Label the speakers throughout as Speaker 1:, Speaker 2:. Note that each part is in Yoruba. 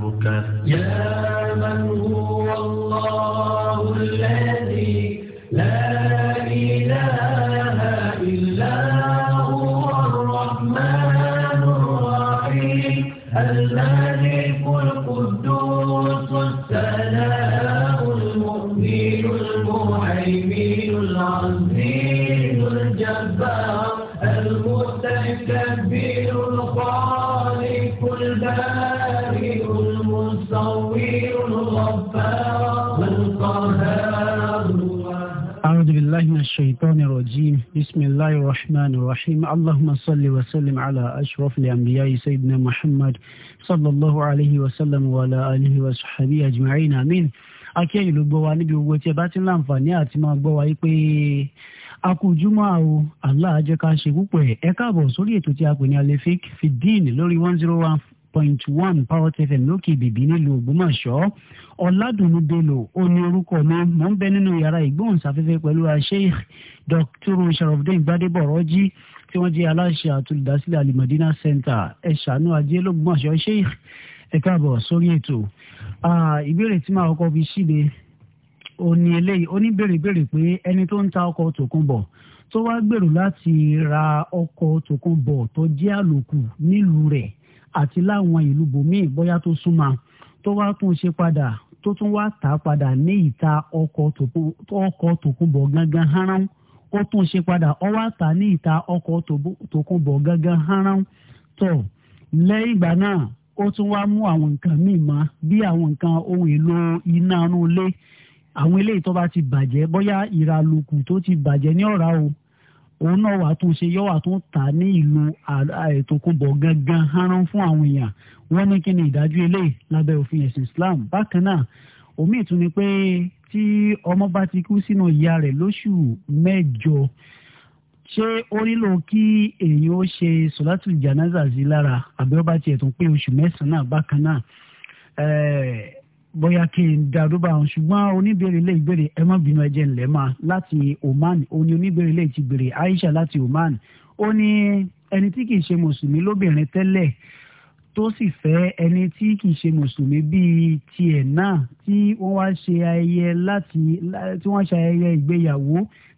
Speaker 1: نورك يا من هو الله الذي لا إله إلا
Speaker 2: هو الرحمن الرحيم
Speaker 3: الرحيم اللهم صل وسلم على أشرف الأنبياء سيدنا محمد صلى الله عليه وسلم وعلى آله وصحبه أجمعين آمين akẹ́yìn ló gbọ́ wa níbi gbogbo tí ẹ bá ti ń láǹfààní àti máa gbọ́ wa pé a kú júmọ́ o Allah á jẹ́ ká ṣe púpọ̀ ẹ̀ ẹ káàbọ̀ sórí ètò tí a pè ní alefik fidin lórí one zero one point one power tfm lókè bèbí nílùú Ògbómọ̀ṣọ́ ọ̀làdùnú bello ó ní orúkọ mi mò ń bẹ nínú yàrá ìgbóhùnsáfẹ́fẹ́ pẹ̀lú sheikh dr sharafdin gbadebo rọ́jí tí wọ́n jẹ́ aláṣẹ àtúndásílẹ̀ alimadina center ẹ̀ṣánú ajé lọ́gbọ̀nsọ sheikh ẹ káàbọ̀ sórí ètò ìbéèrè tí màá kọ́ fi ṣíde òní eléyìí oníbèrè béèrè pé ẹni tó ń ta ọkọ̀ tòkunbọ̀ tó wá gbèrò láti ra ọkọ̀ tòkunbọ̀ tó jẹ́ àlòkù nílùú rẹ̀ àti láwọn ìlú bòmíì bóyá tó súnmọ́ tó wá tún ṣe padà tó tún wá tà padà ní ìta ọkọ̀ tòkunbọ̀ gangan haran ó tún ṣe padà ó wá tà ní ìta ọkọ̀ tòkunbọ̀ gangan haran tọ̀ lẹ́yìn ìgbà náà ó tún wá mú àwọn nǹkan míì mọ́ bí àwọn nǹkan ohun èlò iná inú ilé àwọn eléyìí tó ti bàjẹ́ bóyá ìràlùkù tó ti bàjẹ́ ní ọ̀rá o òun náà wà tó ṣe yọ wà tó tà ní ìlú àìtòkùnbọ̀ gangan haran fún àwọn èèyàn wọ́n ní kí ni ìdájọ́ eléyìí lábẹ́ òfin ẹ̀sìn Islam bákan náà omi ìtún ni pé tí ọmọ bá ti kú sínú ìyá rẹ̀ lóṣù mẹ́jọ ṣé ó nílò kí èèyàn ó ṣe sọ̀látù jánásà sí lára àbí ó bá tiẹ̀ tún pé oṣù mẹ́sàn-án bákan náà bóyá kí n darúgbà ọ̀hún ṣùgbọ́n oníbèrè lè gbèrè ẹ má bínú ẹjẹ ńlẹ̀ máa láti Oman òní oníbèrè lè ti gbèrè Aisha láti Oman ó ní ẹni tí kìí ṣe mùsùlùmí lóbìnrin tẹ́lẹ̀ tó sì fẹ́ ẹni tí kìí ṣe mùsùlùmí bíi tiẹ̀ náà tí wọ́n wá ṣe ayẹyẹ láti tí wọ́n ṣe ayẹyẹ ìgbéyàwó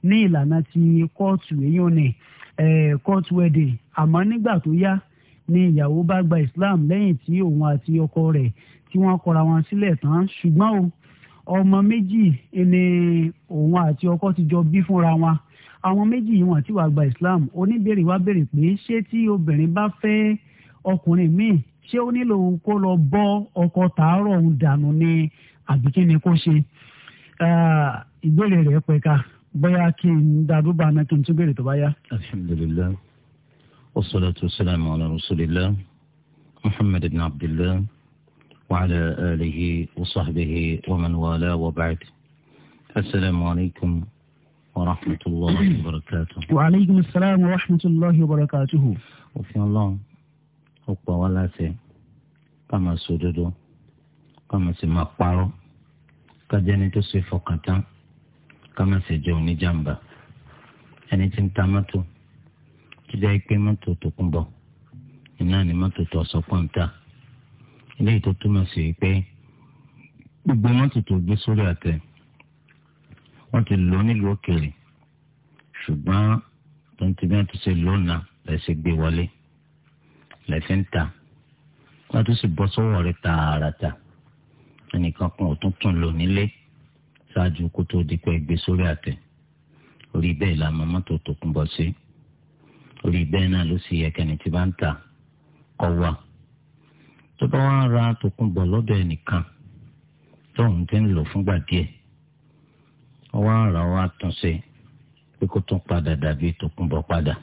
Speaker 3: ní ìlànà ti kóòtù èyàn ní kóòtù wedding àmọ́ nígbà tó yá ni ìyàwó bá gba Islam lẹ́yìn tí òun àti ọkọ rẹ̀ tí wọ́n kọra wọn sílẹ̀ tán ṣùgbọ́n o ọmọ méjì ni òun àti ọkọ ti jọ bí fúnra wọn àwọn méjì yìí wọ́n ti wá gba Islam oníbèrè wa béèrè pé ṣé tí obìnrin bá fẹ́ ọkùnrin míì ṣé ó nílò kó lọ bọ́ ọkọ tààrọ̀ òun dànù ni àbí kí ni kó ṣe ìbéèrè rẹ̀ pẹ̀ka bóyá kí n darúgbà náà kí n tún béèrè tó bá yá.
Speaker 4: alhamdulilayi wasalaatu wasalaamu ala rasulillah muhammad ibn abdullah. وعلى آله وصحبه ومن والاه وبعد السلام عليكم ورحمة الله وبركاته
Speaker 3: وعليكم السلام ورحمة الله وبركاته
Speaker 4: وفي الله ọ̀pọ̀ wa láti ká máa sòdodo ká máa sì máa parọ́ ká jẹ́ni tó ṣe fọkàn tán ká máa sì jẹ́ oníjàmbá ẹni tí ń ta mọ́tò tó jẹ́ pé mọ́tò tó kún bọ̀ iná ni mọ́tò tó ọ̀sọ́ pọ̀ ń ta eléyìí tó túmọ̀ sí pé gbogbo mọ́tò tó gbé sórí àtẹ wọ́n ti lò nílùú òkèèrè ṣùgbọ́n tó ń tibí wọn ti ṣe lónà lẹ́sẹ̀ gbé wọlé lẹ́sẹ̀ ń ta wọ́n tún sì bọ́ sọ́wọ́ rẹ̀ tààràtà ẹnìkan kan ò tún tún lò nílé ṣáájú kó tó di pé gbé sórí àtẹ orí bẹ́ẹ̀ la mọ mọ́tò tó kún bọ́ sí orí bẹ́ẹ̀ náà ló sì yẹ kẹ́ni tí bá ń ta kọ́ wà. tó bá wá ra tòkunbọ̀ lọ́dọ̀ ẹnìkan tóun ti ń lò fúngbà díẹ̀ wọ́n á ra wọ́n tún ṣe pé kó tún padà dàbí tòkunbọ̀ padà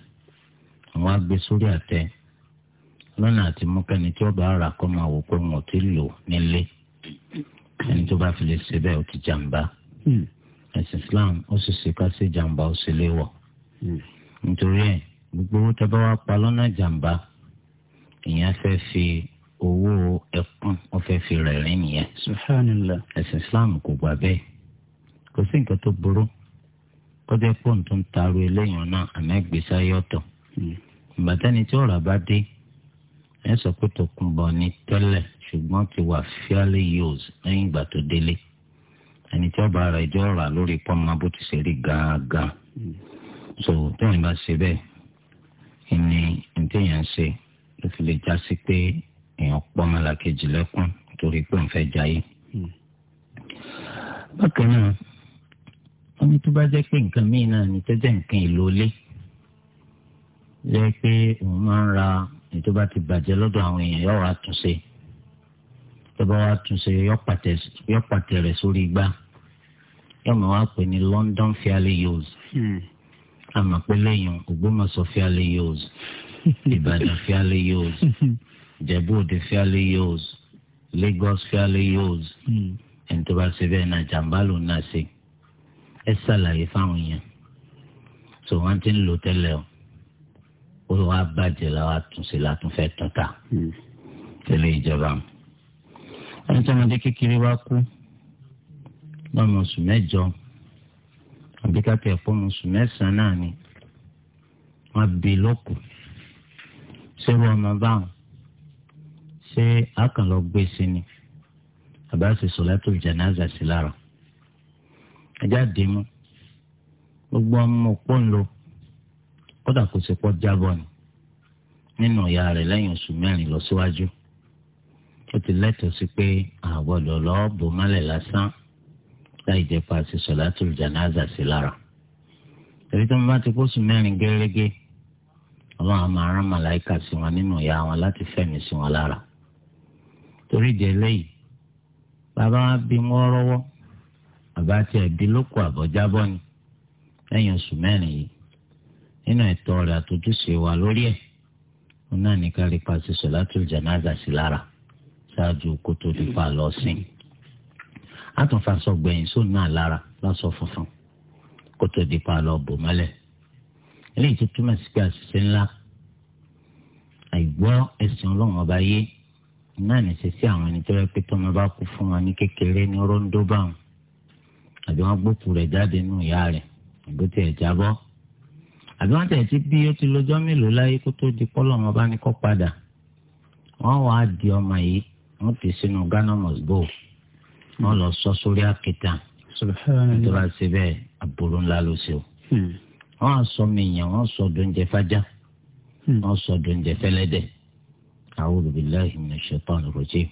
Speaker 4: wọ́n á gbé sórí àtẹ lọ́nà àti mú kẹ́ni tí ara kọ́ máa wò pé wọn ti lò nílé ẹni gbogbo owó tẹ́ bá wá pa lọ́nà jàǹbá owó ẹkún wọn fẹẹ fi rẹ rìn nìyẹn. subhanallah. ẹ̀sìn islam kò gbà bẹ́ẹ̀ kò sí nǹkan tó burú kọjá pọ̀ tó ń taru eléyìí náà àmọ́ ìgbésí ayé ọ̀tọ̀. Hmm. ìbátẹ́ni tí ọ̀rọ̀ bá dé ẹ sọ pé tòkunbọ̀ ni tẹ́lẹ̀ ṣùgbọ́n ti wà fíálẹ̀ yóòs lẹ́yìn ìgbà tó délé ẹni tí ọba rẹ̀ jọ rà lórí pọ́nmọ́ bó ti ṣe rí gángan. Hmm. so tóyìn bá ṣe bẹ́ẹ̀ ni ntẹ́yìn ń ṣe ló fi lè já sí pé èèyàn pọ́nmọ́lá kejì lẹ́kùn torí pé ń fẹ́ jayé. Hmm. bákan náà wọ́n ní tó bá jẹ́ pé nǹkan míì náà ní tẹ́jẹ́ nǹkan èlò ilé jẹ́ pé òun máa ń ra ètò bá ti bàjẹ́ lọ́dọ̀ àwọn èèyàn yóò wá túnṣe tó bá wá túnṣe yóò pàtẹ rẹ̀ sórí igbá yóò máa wá pè ní London fairly used àmọ́ hmm. pé lẹ́yìn Ògbómọ̀ṣọ́ fairly used Ìbàdàn fairly used. ìjẹ̀bú òde fíálẹ̀ yóòs lagos fíálẹ̀ yóòs hmm. ẹni tó bá ṣe bẹ́ẹ̀ náà jàǹbá ló náà ṣe ẹ ṣàlàyé fáwọn èèyàn tó wọ́n ti ń lò tẹ́lẹ̀ o ó wá bàjẹ́ làwọn àtúnṣe látúnfẹ́ tún ta hmm. tẹ́lẹ̀ ìjọba ẹni tí ọmọdé kékeré wá kú lọ́mọ oṣù mẹ́jọ àbí kápẹ́ ẹ̀fọ́ ọmọ oṣù mẹ́sàn-án náà ni wọ́n bí lókù ṣé wọ́n ọmọ báwọn ṣé a kàn lọ gbé solatul janaza sí lára ẹjá dé mú gbogbo ọmọ pọ̀ ń lọ kódà kò sí pọ́ jábọ̀ ni nínú ìyá rẹ̀ lẹ́yìn oṣù mẹ́rin lọ síwájú ó ti lẹ́tọ̀ọ́ sí pé àgbọ̀dọ̀ lọ́ọ́ bò mọ́lẹ̀ lásán láì jẹ́ pa sí solatul janaza sí lára èyí tó ń bá ti kóṣù mẹ́rin gẹ́gẹ́ ọlọ́run àmọ́ aráàmà láìka sí wọn nínú ìyá wọn láti fẹ̀mí sí wọn lára torí ìdí eléyìí bàbá wa bí wọn rọ́wọ́ bàbá tiẹ̀ bí lóko àbọ̀jábọ̀ ni lẹ́yìn oṣù mẹ́rin yìí nínú ẹ̀tọ́ rẹ̀ àtúntúnṣe wa lórí ẹ̀ wọn náà ní kárí pàṣẹ sọ̀látùl jánásà sí lára ṣáájú kó tó di pa lọ sí i àtúnfàṣọ gbẹ̀yìn sóun náà lára lọ́sọ funfun kó tó di pa lọ bò mọ́lẹ̀ eléyìí tó túmọ̀ sí pé àṣìṣe ńlá àìgbọ́ ẹ̀sìn ọlọ́run ọba yé náà ní ṣe sí àwọn ẹni tó yẹ pé tọ́mọ bá kú fún wọn ní kékeré ní rọ́ńdó bá wọn àbí wọ́n gbókù rẹ̀ jáde nù ìyá rẹ̀ àbí tí ẹ̀ jábọ́ àbí wọ́n tẹ̀ sí bí ó ti lọ́jọ́ mélòó láyé kó tó di pọ́lọ̀ wọn bá ní kó padà wọ́n wàá di ọmọ yìí wọ́n ti sínú Ghana must go wọ́n lọ sọ sórí àkìtà nítorí àti àbúrò ńlá ló ṣe o hmm. wọ́n á sọ mìíyàn wọ́n sọ dóúnjẹ fájá hmm. wọ́n sọ dóúnjẹ fẹ́lẹ́dẹ̀ẹ́ أعوذ بالله من الشيطان الرجيم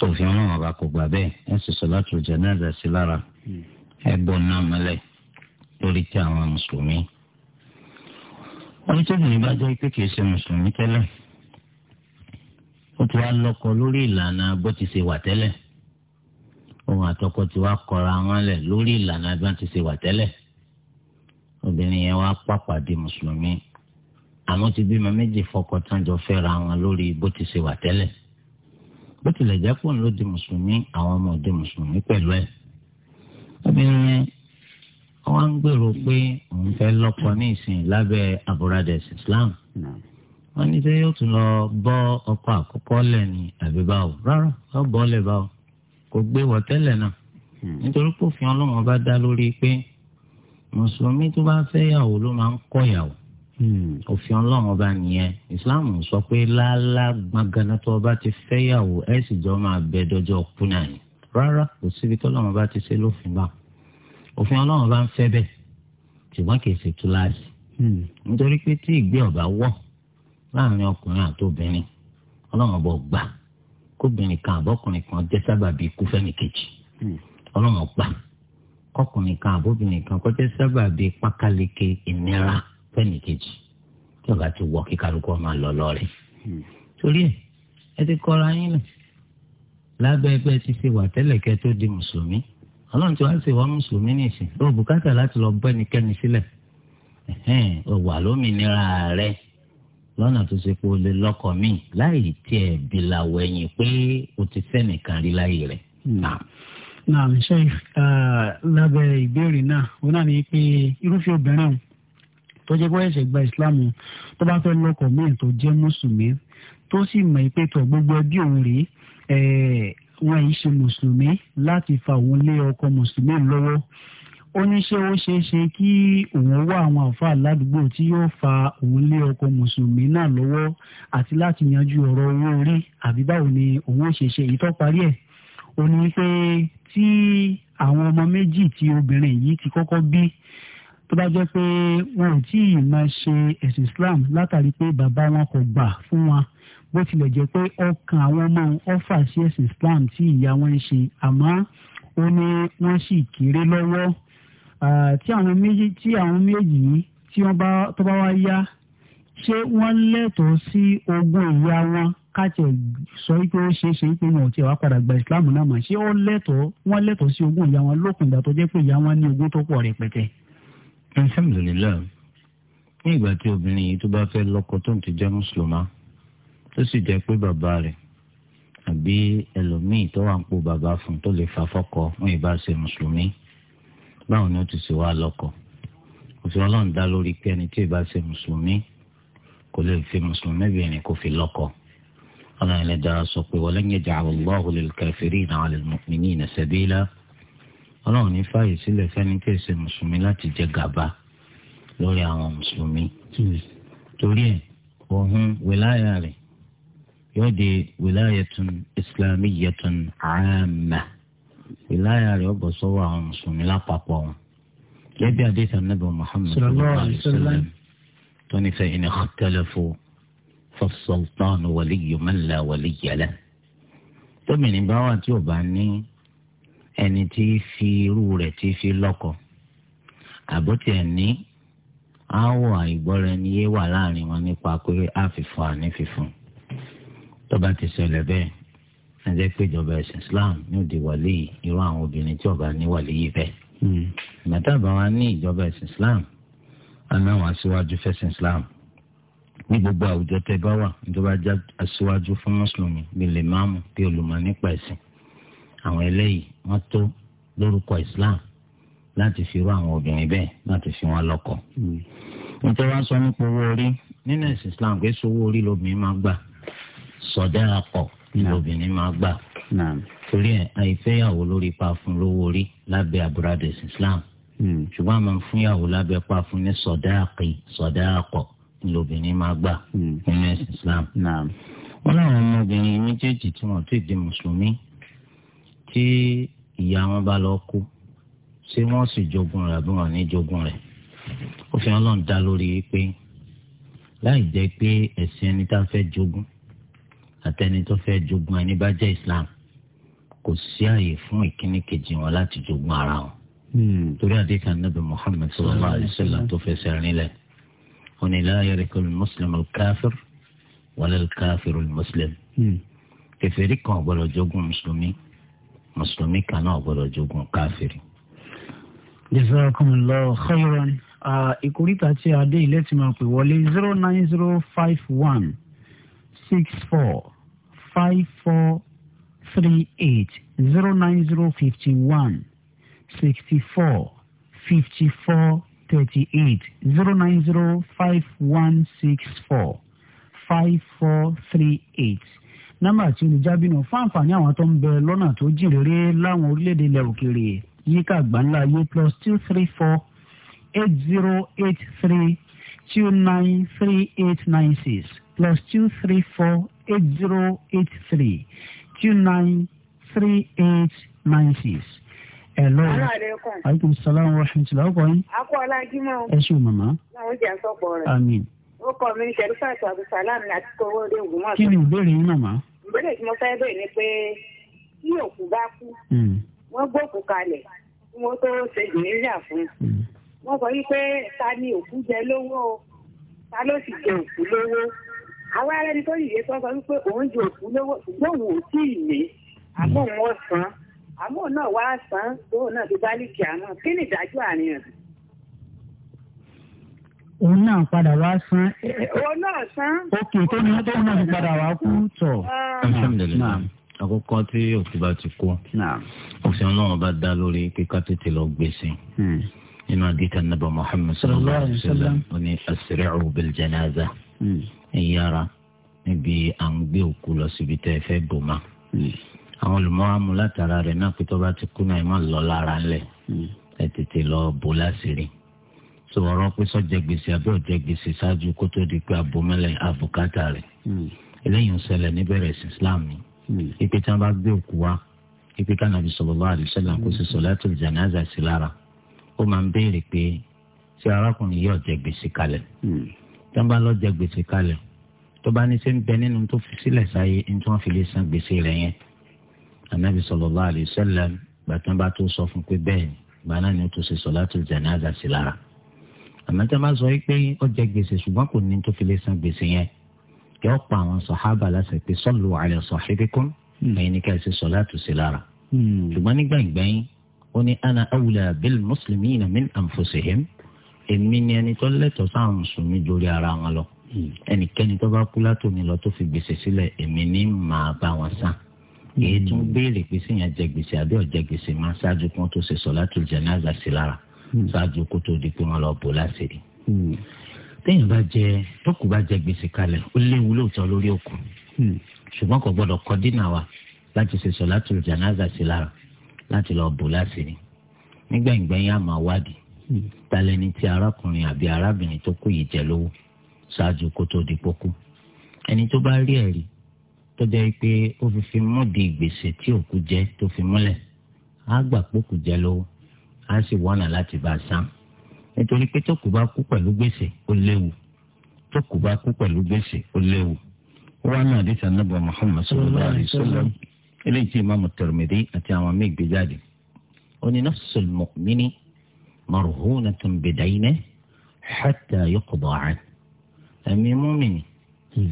Speaker 4: sòfin ọlọ́run ọba kò gbà bẹ́ẹ̀ ẹ sì sọ̀látù jánásà sí lára ẹ bọ́ náà mọ́lẹ̀ lórí tí àwọn mùsùlùmí. wọ́n tó bìnrin bá jẹ́ pé kìí ṣe mùsùlùmí tẹ́lẹ̀ ó ti wá lọ́kọ lórí ìlànà bó ti ṣe wà tẹ́lẹ̀ òun àtọkọ ti wá kọra wọn lẹ̀ lórí ìlànà bí ti ṣe wà tẹ́lẹ̀ obìnrin yẹn wá pàpà di mùsùlùmí àmọ́ ti bímọ méjì fọkọ tán jọ fẹ́ra wọn lórí bó ti ṣe wà tẹ́lẹ̀ bó tilẹ̀ jẹ́ pọ̀ ló di mùsùlùmí àwọn ọmọ òde mùsùlùmí pẹ̀lú ẹ̀ obìnrin yẹn ń gbèrò pé òun fẹ́ lọ́kọ ní ìsìn lábẹ́ aburades Islam wọ́n ní sẹ́ yóò tún lọ bọ́ ọkọ àkọ́kọ́ lẹ̀ ní àbíbáwò rárá yóò bọ́ lẹ̀ báwò kò gbé wọ̀ tẹ́lẹ̀ náà hmm. nítorí pòfin ọlọ́run bá dá lórí pé mùsùlùmí tó bá fẹ́ yàwó ló máa ń kọ́ yàwó Hmm, òfin ọlọ́run ọba nìyẹn islam sọ pé lálá gbọ̀ngànà tó ọba ti fẹ́yàwó ẹ̀ sì jọ máa bẹ dọjọ́ kú ni rárá kò síbi tọ́lọ́run ọba ti ṣe lófin bá òfin ọlọ́run ọba ń fẹ́ bẹ́ẹ̀ ṣùgbọ́n kì í ṣe túláàsì hmm. nítorí pé tí ìgbé ọba wọ̀ láàrin ọkùnrin àtòbìnrin ọlọ́run ọba gbà kóbìnrin kan àbọ́kùnrin kan jẹ́ sábàbí ikú fẹ́ni kejì hmm. ọlọ́run ọgbà kọkùnrin kan àbóbìnrin kan kọjá fẹ́ni kejì tí ọ̀gá ti wọ kí kálukú ọmọ lọ lọ́ọ̀rẹ́ hmm. torí ẹ ẹ ti kọ́ra yín nù lábẹ́ ẹgbẹ́ ti ṣe wà tẹ́lẹ̀ kẹ́ tó di mùsùlùmí ọlọ́run tí wàá ṣe wá mùsùlùmí nìsín ó bùkátà láti lọ bọ́ ẹnikẹ́ni sílẹ̀ ó wà lómìnira rẹ lọ́nà tó ṣe pé o lè lọ́kọ̀ míì láì tiẹ̀ bìlàwọ̀ ẹ̀yìn pé o ti fẹ́nìkan rí láyé rẹ̀. Hmm. naam sheikh ah, lábẹ́
Speaker 3: ìbéèrè náà ó náà ní pé irúfẹ́ obìnrin tó jẹ́ pé ẹ̀ṣẹ̀ gba islam tó bá fẹ́ lọ́kọ míì tó jẹ́ mùsùlùmí tó sì mọ̀ pé tọ̀ gbogbo ẹbí òun rèé wọn yìí ṣe mùsùlùmí láti fa òun lé ọkọ mùsùlùmí lọ́wọ́ ó ní ṣé ó ṣeé ṣe kí òun wá àwọn àfáà ládùúgbò tí yóò fa òun lé ọkọ mùsùlùmí náà lọ́wọ́ àti láti yanjú ọ̀rọ̀ owó orí àbí báwo ni òun ṣe ṣe èyí tó parí ẹ̀ ó ní pé tí àwọn ọmọ méjì tí obìnrin yìí ti kọ́kọ́ bí tó bá jẹ́ pé wọn ò tí ì máa ṣe ẹ̀sìn Islam látàrí pé bàbá wọn kò gbà fún wọn bó tilẹ̀ jẹ́ pé ọkàn àwọn ọmọ ọ̀fà sí ẹ̀sìn Islam tí ìyá wọn ń ṣe àmọ́ ó ní wọ́n sì kéré lọ́wọ́ tí àwọn méjì tí àwọn méjì yìí tí wọ́n bá tó bá wá yá ṣé wọ́n lẹ́tọ̀ọ́ sí ogún ìyá wọn káàtì sọ pé ó ṣeé ṣe pé wọn ò tiẹ̀ wá padà gba Islam náà mà ṣé wọ́n lẹ́tọ̀ọ́ wọ́n lẹ́tọ̀ọ́ sí ogún ìyá wọn lókun ìgbà tó jẹ́ pé ìyá wọn ní ogún tó pọ̀ rẹpẹtẹ
Speaker 4: alhamdulilayi ní ìgbà tí obìnrin yìí tó bá fẹ́ lọ́kọ tó ń ti jẹ́ mùsùlùmá tó sì jẹ́ pé bàbá rẹ̀ àbí ẹlòmíì tó wà ń po bàbá fún tó lè fà fọ́kọ wọn ì bá ṣe mùsùlùmí báwo ni ó ti ṣe wá lọ́kọ òfin ọlọ́run dá lórí pé ẹni tí ì bá ṣe mùsùlùmí kò lè fi mùsùlùmí bìnrin kò fi lọ́kọ ọlọ́run ẹlẹ́dàá sọ pé walan yaj'ala Allahu lil kafirina 'ala al mu'minina ọlọ́run ní fààyè sílẹ̀ fẹ́ni tí èsè mùsùlùmí láti jẹ gàba lórí àwọn mùsùlùmí torí ẹ̀ òun wìláyà rẹ̀ yóò di wìláyàtún islamiyàtún àmà wìláyà rẹ̀ ọ̀bọ̀ sọ́wọ́ àwọn mùsùlùmí lápapọ̀ wọn. gẹ́gẹ́ àdéhùn anábì muhammed sallallahu alayhi wa sallam tó ní fẹ́ ìní xọ́tẹ́lẹ́fọ́ fọ́sọ̀tàn wàlíyùmẹ́lá wàlíyàlá tómìnir bá wà tí ò bá ní ẹni tí fi irú rẹ̀ tí fi lọ́kọ àbótiẹ̀ ní aáwọ̀ àìgbọ́ra ẹni yé wà láàrin wọn nípa pé a àní fífún tó ti ṣẹlẹ̀ bẹ́ẹ̀ ẹ jẹ́ ẹ̀sìn Islam ní òde wàlẹ́ yìí irú àwọn obìnrin tí ọba ní wàlẹ́ yìí bẹ́ẹ̀ hmm. ìmọ̀tàbà wa ní ìjọba ẹ̀sìn Islam anáwọn aṣíwájú fẹ̀sìn Islam ní gbogbo àwùjọ tẹ bá wà ìjọba aṣíwájú fún mùsùlùmí bíi lèmáàmù bíi olùmọ̀ nípa ẹ̀sìn àwọn eléyìí wọ́n tó lórúkọ islam láti fi rú àwọn obìnrin bẹ́ẹ̀ láti fi wọn lọ́kọ. nítorí wọ́n sọ nípa owó orí nínú ẹ̀sìn islam pé sọ owó orí lobìnrin máa gbà sọdẹ́ akọ lobìnrin máa gbà torí ẹ̀ àìfẹ́yàwó lórí pa fún lówó orí lábẹ́ àbúradà ẹ̀sìn islam hmm. ṣùgbọ́n àmọ́ fúnyàwó lábẹ́ pa fún ní sọdẹ́ àkì sọdẹ́ akọ lobìnrin máa gbà hmm. nínú ẹ̀sìn islam. wọ́n láwọn ọmọbìnrin méjèèjì tí wọ́n ti di mùsùlùmí tí ìyá wọn bá lọ kú ṣé wọ́n sì jogun rẹ̀ àbí wọn ní jogun rẹ̀ ó fi hàn lọ́n dá lórí pé láì jẹ́ pé ẹ̀sìn ẹni tá a fẹ́ jogun àtẹni tó fẹ́ jogun ẹni bá jẹ́ Islam kò sí àyè fún ìkíní kejì wọn láti jogun ara wọn. Hmm. torí àdéhùn anábì Muhammad sallallahu alayhi tó fẹsẹ̀ rinlẹ̀ òní láàyè rẹ̀ kọ́lu káfíìr wàlẹ́ káfíìr mùsùlùmí. kèfèrí kan ò jogun mùsùlùmí mùsùlùmí kan náà gbọ́dọ̀ jogun káfíìrì.
Speaker 3: jazakumullahu khairan ìkórìtà tí a dé ilé tí máa pè wọlé zero nine zero five one six four five four three eight zero nine zero fifty one sixty four fifty four thirty eight zero nine zero five one six four five four three eight nọ́mbà tí olùjábìnà fáǹfààní àwọn tó ń bẹ lọ́nà tó jìn réré láwọn orílẹ̀-èdè ilẹ̀ òkèèrè yíká gbàǹlà yé plus two three four eight zero eight three two nine three eight nine six plus two three four eight zero eight three two nine three eight nine six. Hello. Aleykum salaam wa rahmatulah. Ọkọ yín.
Speaker 5: Akọ Ọlájúmọ́. Ẹ ṣé màmá. Náà ó jẹ́ àsọpọ̀ rẹ̀. Àmín. Ó kọ́ mi Ṣẹ̀rífà Ṣàbùsàlámù àti Kowó Odé Ògùnmọ̀tò. Kí ni
Speaker 2: ìbéèrè yín màmá?
Speaker 5: ìbéèrè tí mo fẹ́ bèèrè ni pé tí òkú bá kú hmm. wọ́n gbókù kalẹ̀ kí wọ́n tó ṣe ìrìnà fún hmm. wọ́n sọ wípé ta ni òkú jẹ lówó ta ló sì jẹ òkú lówó àwa ẹni tó yìí sọ sọ wípé òun jẹ òkú lówó ṣùgbọ́n òun ò tí ì lé àmọ́ òun ọ̀sán àmọ́ náà wá sàn án lóun náà ti bá lè kí àmọ́ kí ni ìdájọ́ àárín
Speaker 3: òun náà padà wá san. òun
Speaker 5: náà san. ok tó ní tó náà fi padà wá
Speaker 3: kú tọ̀.
Speaker 4: Ah. àkọ́kọ́ tí òkú bá ti kú òfin ọlọ́run bá dá lórí pé tètè lọ gbèsè hmm. nínú àdìtà nàbà Muhammad sallallahu alayhi wa sallam ó ní asri'u bil janaza hmm. ẹ̀yára níbi à ń gbé òkú lọ síbi tẹ́ ẹ fẹ́ bò má. Hmm. àwọn olùmọ̀ọ́mù látara rẹ̀ náà pé tó ti kú náà ẹ̀ má lọ lára ńlẹ̀ ẹ̀ tètè lọ bò láṣìírí tó ọ̀rọ̀ pé sọjẹ gbèsè àbí ọjẹ gbèsè ṣáájú kó tó di pé abomẹlẹ àbùkátà rẹ hmm. eléyìí ń ṣẹlẹ̀ níbẹ̀rẹ̀ islam ni hmm. ipe tí wọn bá gbé òkú wa ipe ká nàbí sallallahu alaihi wasallam kó sì hmm. sọlátù janaza sí lára ó máa ń béèrè pé ṣé arákùnrin yìí ọjẹ gbèsè kalẹ̀ tí wọn bá lọ jẹ gbèsè kalẹ̀ tó bá ní sẹ́ ń bẹ nínú tó fi sílẹ̀ sáyé ní tí wọ́n fi lè san gbèsè rẹ̀ yẹn anabi sallallahu alaihi wasallam gbàtàn bá tó sọ fún pé bẹ́ẹ̀ ni ni ó tó ṣe sọlátù janaza sí lára àmọ́ tí a máa sọ pé ó jẹ gbèsè ṣùgbọ́n kò ní tó fi lè san gbèsè yẹn yóò pa àwọn sọ̀hábà lásìkò pé sọ́ọ̀lù àlẹ́ sọ̀hídìkún ẹ̀yin ni ká ẹ ṣe sọ láti ṣe lára hmm. ṣùgbọ́n nígbà ìgbẹ́yìn ó ní ana awla bil muslimina min anfusihim èmi ni ẹni tó lẹ́tọ̀ọ́ sáwọn mùsùlùmí lórí ara wọn lọ hmm. ẹnikẹ́ni tó bá kú látòmí lọ tó fi gbèsè sílẹ̀ èmi ni màá bá wọn san èyí tún hmm. béèrè pé síyàn jẹ gbèsè àbí ọ̀jẹ̀ gbèsè máa ṣáájú kí wọ́n tó ṣe sọ láti janaza sí lára. Hmm. ṣáájú kó tó di pé wọ́n lọ bò láṣìírí. Hmm. téèyàn bá jẹ tókù bá jẹ gbèsè kalẹ̀ ó léwu lóòótọ́ lórí òkú hmm. ṣùgbọ́n kò gbọ́dọ̀ kọ́ dínà wa láti ṣe sọ̀látù jánásà sí lára láti lọ bò láṣìírí nígbẹ̀yìngbẹ̀yìn àmọ́ wádìí talẹ́ni tí arákùnrin àbí arábìnrin tó kú yìí jẹ lówó ṣáájú kó tó di pókú ẹni tó bá rí ẹ̀rí tó jẹ́ pé ó fi fi múdi gbèsè tí òkú jẹ tó fi múlẹ̀ á gbà pókú jẹ lówó á sì wọ́nà láti bá a san nítorí pé tó kù bá kú pẹ̀lú gbèsè ó léwu tó kù bá kú pẹ̀lú gbèsè ó léwu wọn náà dé sàn nàbọ Muhammad sallallahu alayhi wa sallam eléyìí tí imaamu Tirmidhi àti àwọn míì gbé jáde ó ní nafsul mu'mini marhunatun bidaynihi hatta yuqda anhu ẹ̀mí mọ́mìnì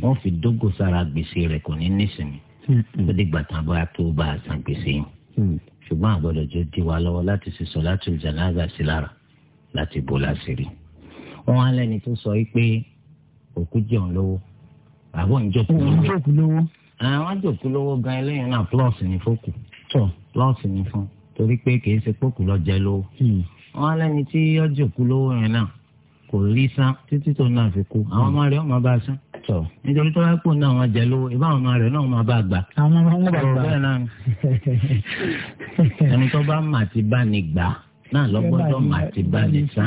Speaker 4: wọ́n fi dógò sára gbèsè rẹ̀ kò ní nísìnyí hmm. ó dìgbà tán bá tó bá a san gbèsè yìí. Hmm ṣùgbọ́n àgbọ̀dọ̀ jẹ́ di wa lọ́wọ́ láti ṣe solatul janaza sí lára láti bò láṣìírí. wọ́n á lẹ́ni tó sọ pé òkú jẹun lówó àbọ̀ ń jòkú lówó. àwọn jòkú lówó gan eléyìí náà plus ní fókù tó plus ní fún torí pé kì í ṣe pókù lọ́jẹ́ lówó. Hmm. wọ́n á lẹ́ni tí ó jòkú lówó yẹn náà kò rí san títí tó náà fi kú àwọn ọmọ rẹ̀ ọmọ bá san tọ nítorí tó bá pò náà wọn jẹ lówó ìbá àwọn ọmọ rẹ náà wọn bá gbà. àwọn ọmọ wọn bá gbà bẹ́ẹ̀ náà ẹni tó bá mà ti bá ní gbà náà lọ́gbọ́dọ̀ mà ti bá ní sá.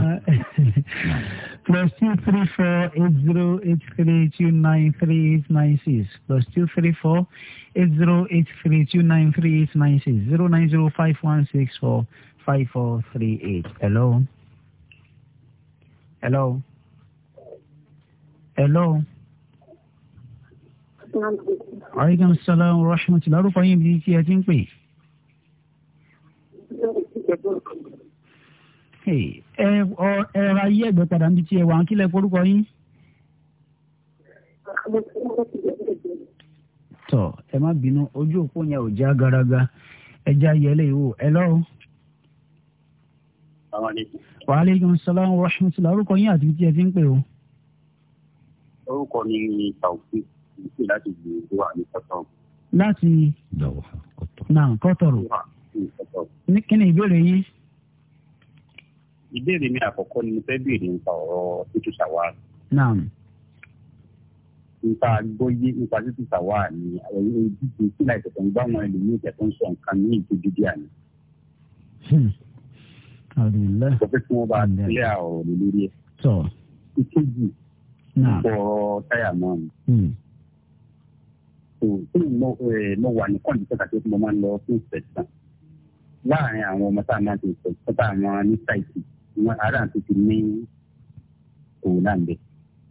Speaker 4: plus two three four eight zero eight three
Speaker 3: two nine three eight nine six plus two three four eight zero eight three two nine three eight nine six zero nine zero five one six four five four three eight. hello hello. hello. aleykum salaam wa rahmatulah lórúkọ yín bí kí ẹ ti ń pè. ẹ ra yí ẹgbẹ́ padà níbi tí ẹ wà ń kílẹ̀ forúkọ yín. tọ ẹ má bínú ojú òpó yẹn ò já garaga ẹ já yẹlẹ ìwò Hello. lọ.
Speaker 2: salaamaleykum
Speaker 3: wa aleykum salaam wa rahmatulah orúkọ yín àti tí ẹ ti ń pè o.
Speaker 2: orúkọ mi ni taofik ìṣe láti gbé ìdúrà ní kọtọrù.
Speaker 3: láti náà kọtọrù ní kí ni ìbéèrè yín. ìbéèrè mi àkọ́kọ́ ni mo fẹ́ béèrè nípa ọ̀rọ̀ títú ṣàwárí. náà nípa gbóyé nípa títí tàwa ní ojúṣe sílẹ̀ ìtẹ̀tẹ̀ ń gbá wọn ẹlòmíì tẹ̀tẹ̀ ń sọ nǹkan ní ìdíjú díà ni.
Speaker 2: Hmm sọ pé
Speaker 3: kí wọ́n bá tilẹ̀ ọ̀rọ̀ lórí ẹ̀. ìkejì ọ̀rọ̀ táyà náà ni. Hmm. tí eh, mo wà ní kọ́ńtì tó kàtó tí mo máa ń lọ fún ìfẹ̀sán láàárín àwọn ọmọ tá a máa ti ìfẹ̀sán tá a máa ní sáìtì wọn ará àti ti ní òun náà bẹ̀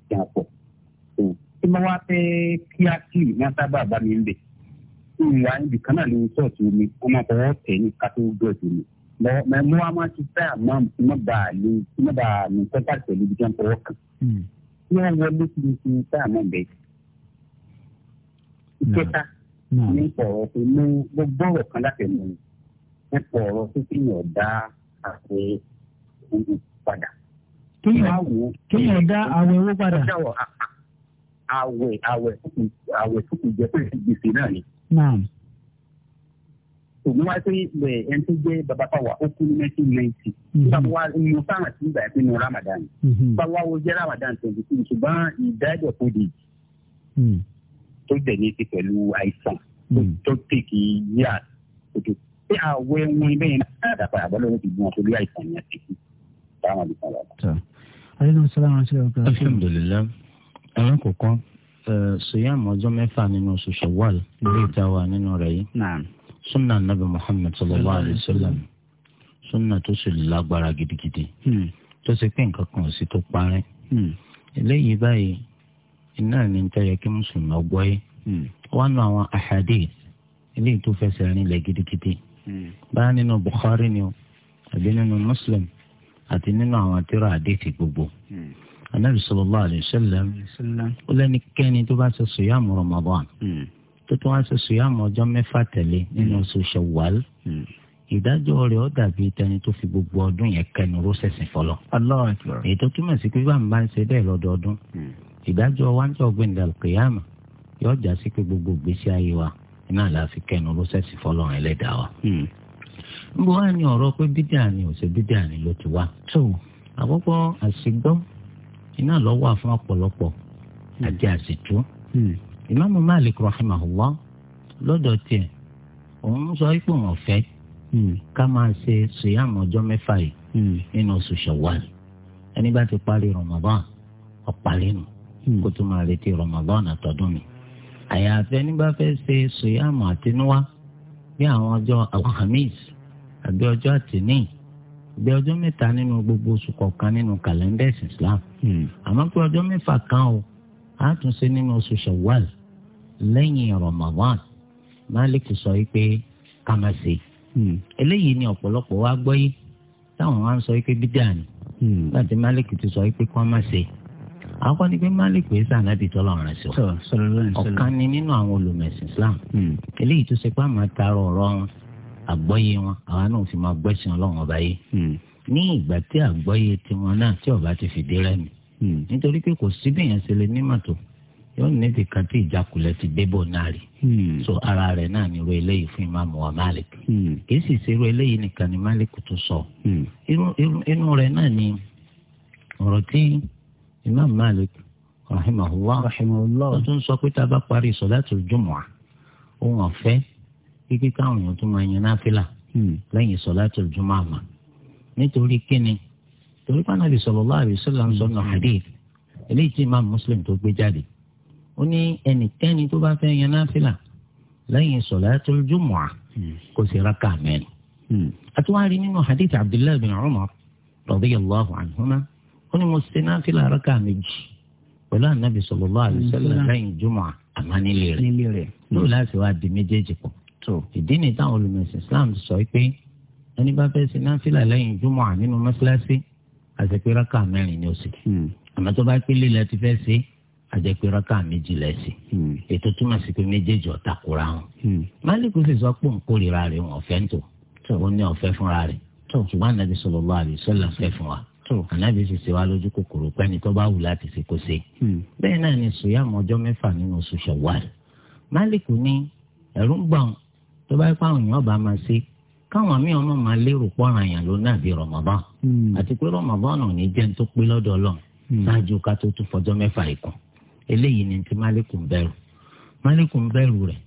Speaker 3: kí wọ́n pọ̀. tí mo wá fẹ́ kí á kí ìmọ̀ sábà bá mi ń bẹ̀. ìwà ibìkan náà ló ń sọ̀tún mi wọ́n máa fọwọ́ ní kátó gbọ̀dọ̀ mi mɛ mo wa ma ti fɛ a ma ma ba ni ma ba ni kɔnta pɛlu bi kɛn kɔrɔ kan
Speaker 2: ne
Speaker 3: wa ne ti ti fɛ a ma bɛ kɛta ne kɔrɔ ko ne bɛ bɔrɔ kan láti mu ne kɔrɔ ko kí ni da a ko o padà. kéèyàn dá àwẹ̀ owó padà. àwẹ̀ àwẹ̀ àwẹ̀ fúkú jẹ́ pé gbèsè náà ni ṣùgbọ́n wá sí ẹ̀ ẹ̀ tó jẹ́ bàbá fáwa ó kú ní nineteen ninety. Mm-hmm. báwa mo sáà sí ìgbà pé mo ramadan. Mm-hmm. báwa wo jẹ́ ramadan twenty two ṣùgbọ́n ìdájọ́ kò dé. tó dẹ̀ mm-hmm. ní ti pẹ̀lú àìsàn
Speaker 2: tó tèkì yíyá
Speaker 3: òkè. pé àwọ̀ ẹ̀wọ̀n bẹ́ẹ̀ náà dàpọ̀ àbọ̀lọ́ ti gbọ́n pẹ̀lú àìsàn yẹn tèkì.
Speaker 4: báwọn lè sọ̀rọ̀ àbọ̀.
Speaker 3: aleykum salaam wa rahmatulahi.
Speaker 4: alhamdulilayi ẹ̀rọ kọ̀ọ̀kan ṣèyàn ọjọ́ mẹ́fà nínú oṣù ṣọ̀wọ́ọ̀lù lórí ìta wà nínú rẹ̀ yìí sunna nabi muhammed sallallahu alayhi wa sallam sunna tó sì lágbára gidigidi hmm. tó ṣe pé nǹkan kan ò sí tó parẹ́ hmm. eléyìí báyìí iná ní ń tẹ́yẹ kí mùsùlùmí ọgbọ́ yé hmm. wọn nu àwọn ahadith eléyìí tó fẹsẹ̀ rinlẹ̀ gidigidi báyà nínú bukhari ni o àbí nínú muslim àti nínú àwọn àtẹ́rọ àdéhìí gbogbo anabi sallallahu alayhi wa sallam ó lẹ́nikẹ́ni tó bá ṣe sùyàmù ramadan tó tún wá ṣe sùyàmù ọjọ́ mẹ́fà tẹ̀lé nínú hmm. oṣù ṣọ̀wàl hmm. ìdájọ́ rẹ̀ ó dàbí tẹni tó fi gbogbo ọdún yẹn kẹnu ró ṣẹ̀sìn fọlọ́. èyí tó túmọ̀ sí pé bá ń bá ń ṣe bẹ́ẹ̀ lọ́dọọdún hmm. ìdájọ́ wa ń jọ gbẹ̀ndà kìyàmù yóò já sí pé gbogbo ìgbésí ayé wa náà la fi kẹnu ró ṣẹ̀sìn fọlọ́ ẹlẹ́dàá wa. níbo wá ní ọ̀rọ̀ pé bídíà ni ó ṣe bídíà ni ló ti wá. àkọ́kọ́ àṣìgbọ́ iná lọ wà fún ọ̀pọ̀lọpọ̀ àti àṣìtú ìmáàmù malik rahimahullah lọ́dọ̀ tiẹ̀ òun sọ ipò wọn fẹ́ hmm. ká máa ṣe ṣùyàmù ọjọ́ mẹ́fà yìí hmm. nínú oṣù ṣọ̀wáàlì ẹni bá ti parí rọmọdán ọ̀parí nù hmm. kó tó máa retí rọmọdán àtọ́dún mi àyàfẹ́ ní bá ṣe ṣùyàmù àtinúwá bí àwọn ọjọ́ alhamis àbí ọjọ́ àtìní bí ọjọ́ mẹ́ta nínú gbogbo oṣù kọ̀ọ̀kan nínú kàlẹ́ndà islam àmọ́ pé ọjọ́ mẹ́fà kan o àtúnṣe nínú oṣù ṣọ̀wáàlì lẹ́yìn Ramadan Malik sọ wípé ká má ṣe hmm. eléyìí ni ọ̀pọ̀lọpọ̀ wa gbọ́ yìí táwọn wa ń sọ wípé bídà ni láti hmm. Malik ti sọ wípé kó má ṣe àwọn ni pé Malik pé sànàbì tọ́lọ̀ rẹ̀ sí ọ̀kan ni nínú àwọn olùmẹ̀sìn Islam hmm. eléyìí tó ṣe pé àmọ́ taarọ ọ̀rọ̀ wọn àgbọ́yé wọn àwa náà fi máa gbẹ́sìn ọlọ́run ọba yìí ní ìgbà tí àgbọ́yé tiwọn náà tí ọba ti fìdí rẹmi nítorí pé kò síbìyàn ṣe lè yóò níbi kan tí ìjákulẹ̀ ti débò náà rí hmm. so ara rẹ̀ náà ni irú eléyìí fún ìmáàmù wa malik hmm. kì í sì ṣe irú eléyìí nìkan ni malik tó sọ hmm. inú rẹ̀ náà ni ọ̀rọ̀ tí ìmáàmù malik rahimahullah rahimahullah tó tún sọ pé tá a bá parí sọ̀láàtù jumu'ah òun ọ̀fẹ́ kíkí káwọn èèyàn tó máa yan náfìlà lẹ́yìn sọ̀láàtù jumu'ah nítorí kíni torí pé Ànábì sallallahu alaihi wasallam sọ̀nà hadith eléyìí tí ìmáàmù muslim tó gbé jáde ó ní ẹnikẹ́ni tó bá fẹ́ yan náfìlà lẹ́yìn sọ̀látul jumu'ah hmm. kò sí rákà mẹ́rin. àtiwárí hmm. nínú hadith abdullahi bin umar radiyallahu anhuma ó ní mo ṣe náfìlà rákà méjì pẹ̀lú anabi sallallahu alaihi wasallam hmm. lẹ́yìn jumu'ah àmọ́ nílé rẹ̀ lóò láti wá di méjèèjì pọ̀. ìdí ni táwọn olùmọ̀ọ́sìn islam sọ pé ẹni bá fẹ́ ṣe náfìlà lẹ́yìn jumu'ah nínú mọ́ṣáláṣí àti pé rákà mẹ́rin ni ó sì. àmọ́ tó bá pélé lẹ́ ti fẹ́ ṣe é àjẹpẹ́ rákà méjì lẹ́sìn hmm. ètò túmọ̀ sí pé méjèèjì ọ̀tà kura wọn. Hmm. málìkù sì sọ pé nkórira rẹ̀ wọn ọ̀fẹ́ ń tò ó ní ọ̀fẹ́ fúnra rẹ̀ ṣùgbọ́n ànábi sallallahu alaihi wasallam fẹ́ fún wa ànábi sì ṣe wá lójú kòkòrò pẹ́ni tó bá wù láti ṣe kó ṣe. Hmm. bẹ́ẹ̀ náà ni sùyàmù ọjọ́ mẹ́fà nínú oṣù Ṣawwal málìkù ní ẹ̀rú ń gbọ̀n tó bá pa òyìn ọba máa ṣe káwọn míì ọmọ máa lérò pọ́nrán yàn ló náà eléyìí ni ti máàlíkù ń bẹ̀rù máàlíkù ń bẹ̀rù rẹ̀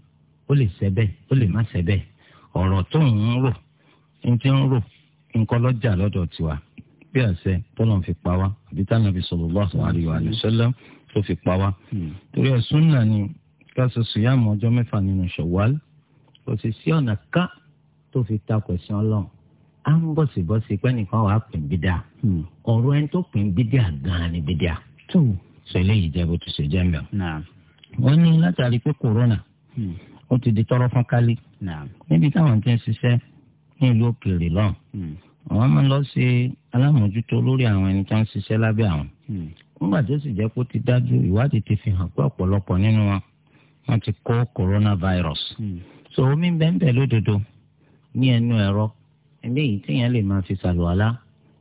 Speaker 4: ó lè ṣẹ bẹ́ẹ̀ ó lè má ṣẹ bẹ́ẹ̀ ọ̀rọ̀ tó ń rò ń ti ń rò nǹkan lọ́jà lọ́dọ̀ tiwa bí àṣẹ tọ́lọ́n fi pa wá àbí táwọn fi sallallahu alaihi wa sallam tó fi pa wá. Hmm. torí ẹ̀ súnà ni ká sùyàmù ọjọ́ mẹ́fà nínú Ṣawwal kò sì sí ọ̀nà ká tó fi ta kwẹ̀sán ọlọ́run à ń bọ̀sibọ́sí pé nìkan wàá pín bídà hmm. ọ̀rọ̀ ẹni tó pín bídà gan-an ni bídà sọ eléyìí jẹ́ bó ti ṣe jẹ́ mbẹ́. wọ́n ní látàrí pé kòrónà hmm. ó ti di tọrọ fún kálí níbi táwọn ti ń ṣiṣẹ́ ní ìlú òkèèrè lọ́n hmm. àwọn máa ń lọ sí alámòjútó lórí àwọn ẹni tó ń ṣiṣẹ́ lábẹ́ àwọn hmm. nígbà tó sì jẹ́ pé ó ti dájú ìwádìí ti fi hàn pé ọ̀pọ̀lọpọ̀ nínú wọn wọ́n ti kó coronavirus so omi bẹ́ẹ̀ bẹ́ẹ̀ lódodo ní ẹnu ẹ̀rọ eléyìí téèyàn lè máa fi ṣàlùwàlá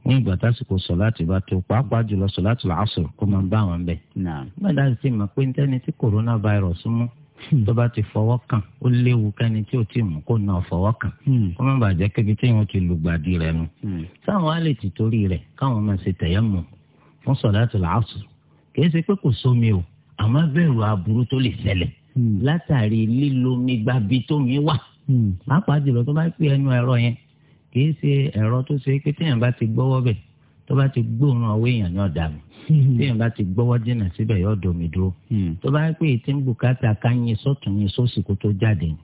Speaker 4: ní ìgbà tásìkò sọláàtì bá tó pàápàá jùlọ sọláàtì làásùr kó máa bá wọn bẹ. gbọ́dọ̀ àti mọ̀ pé nítorí tí coronavirus mú hmm. tó bá ti fọwọ́ kàn ó léwu kẹ́ni tí ò tí mú kó náà fọwọ́ kàn hmm. kó má bàa jẹ́ kébi tí wọ́n ti lùgbàdì rẹ̀ nu. Hmm. sáwọn á lè ti torí rẹ̀ káwọn máa ṣe tẹ̀yẹ́ mọ̀ fún sọláàtì làásùr kìí ṣe pé kò sómi o àmọ́ bẹ̀rù aburú tó lè ṣẹlẹ̀ látàrí lílo mi gbàbí tómi wà pàápàá jùlọ tó bá pè ẹnu ẹ̀rọ yẹn kì í ṣe ẹ̀rọ tó ṣe pé téèyàn bá ti gbọ́wọ́ bẹ̀ tó bá ti gbóòórùn ọwọ́ èèyàn ní ọ̀dà mi téèyàn bá ti gbọ́wọ́ dínà síbẹ̀ yóò domi dúró hmm. tó bá pé ètí ń bùkátà ká yin sọ́tún yin sósì kó tó jáde ni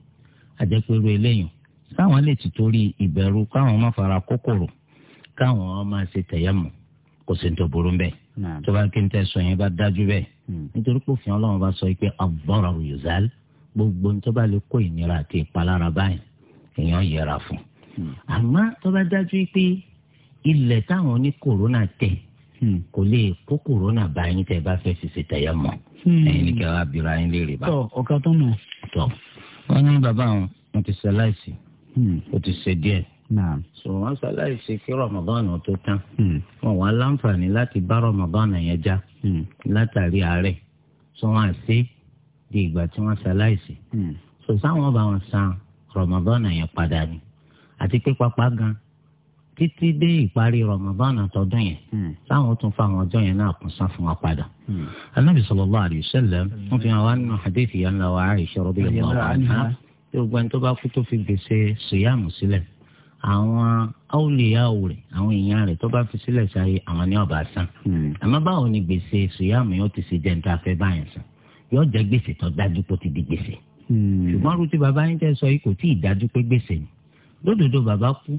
Speaker 4: àjẹpẹ̀rù eléyìn káwọn lè ti torí ìbẹ̀rù káwọn má fara kòkòrò káwọn máa ṣe tẹ̀yẹ̀mọ̀ kò sí tó burú bẹ́ẹ̀ tó bá kí n tẹ́ sọ yẹn bá dájú bẹ́ẹ̀ hmm. nítorí pé òfin ọlọ́run bá sọ pé ọ̀bọ̀rọ̀ yòzál gbogbo ní tó bá lè kó ìnira àti ìpalára báyìí èèyàn yẹra fún un Hmm. àmọ́ tó bá dájú pé ilẹ̀ táwọn ní kòrónà tẹ̀ hmm. kò lè kó kòrónà bá yín tẹ́ bá fẹ́ ṣiṣẹ́ tẹ̀yẹ mọ́ hmm. ẹ̀yin ní kí wàá bira yín léèrè bá. tọ ọkà tó nù. tọ wọn ní bàbá wọn wọn ti ṣaláìsí o ti ṣe díẹ̀. sọ wọn ṣaláìsí kí rọmọbọnà tó tán wọn wà láǹfààní láti bá rọmọbọnà yẹn já látàrí àárẹ̀ sọ wọn àṣẹ di ìgbà tí wọn ṣaláìsí. sọ sáwọn bá wọn san Ramadan yẹn padà ni àti pé pápá gan títí dé ìparí Ramadan àtọdún yẹn hmm. táwọn tún fa àwọn ọjọ́ yẹn náà kún san fún wa padà. Hmm. Ànábì sallallahu alayhi wa sallam wọn fi hàn wá nínú hadith ìyá ńlá wa Aisha radiyallahu anha tí gbogbo ẹni tó bá kú tó fi gbèsè sùyàmù sílẹ̀ àwọn awolèyàwó rẹ̀ àwọn èèyàn rẹ̀ tó bá fi sílẹ̀ sáyé àwọn ní ọba san hmm. àmọ́ báwo ni gbèsè sùyàmù yóò ti ṣe jẹ níta fẹ báyìí san yóò jẹ gbèsè tó dájú kó ti di gbèsè ṣùgbọ́n rúti bàbá yín tẹ́ sọ yìí kò tí ì dájú pé gbèsè ni lódodo bàbá kú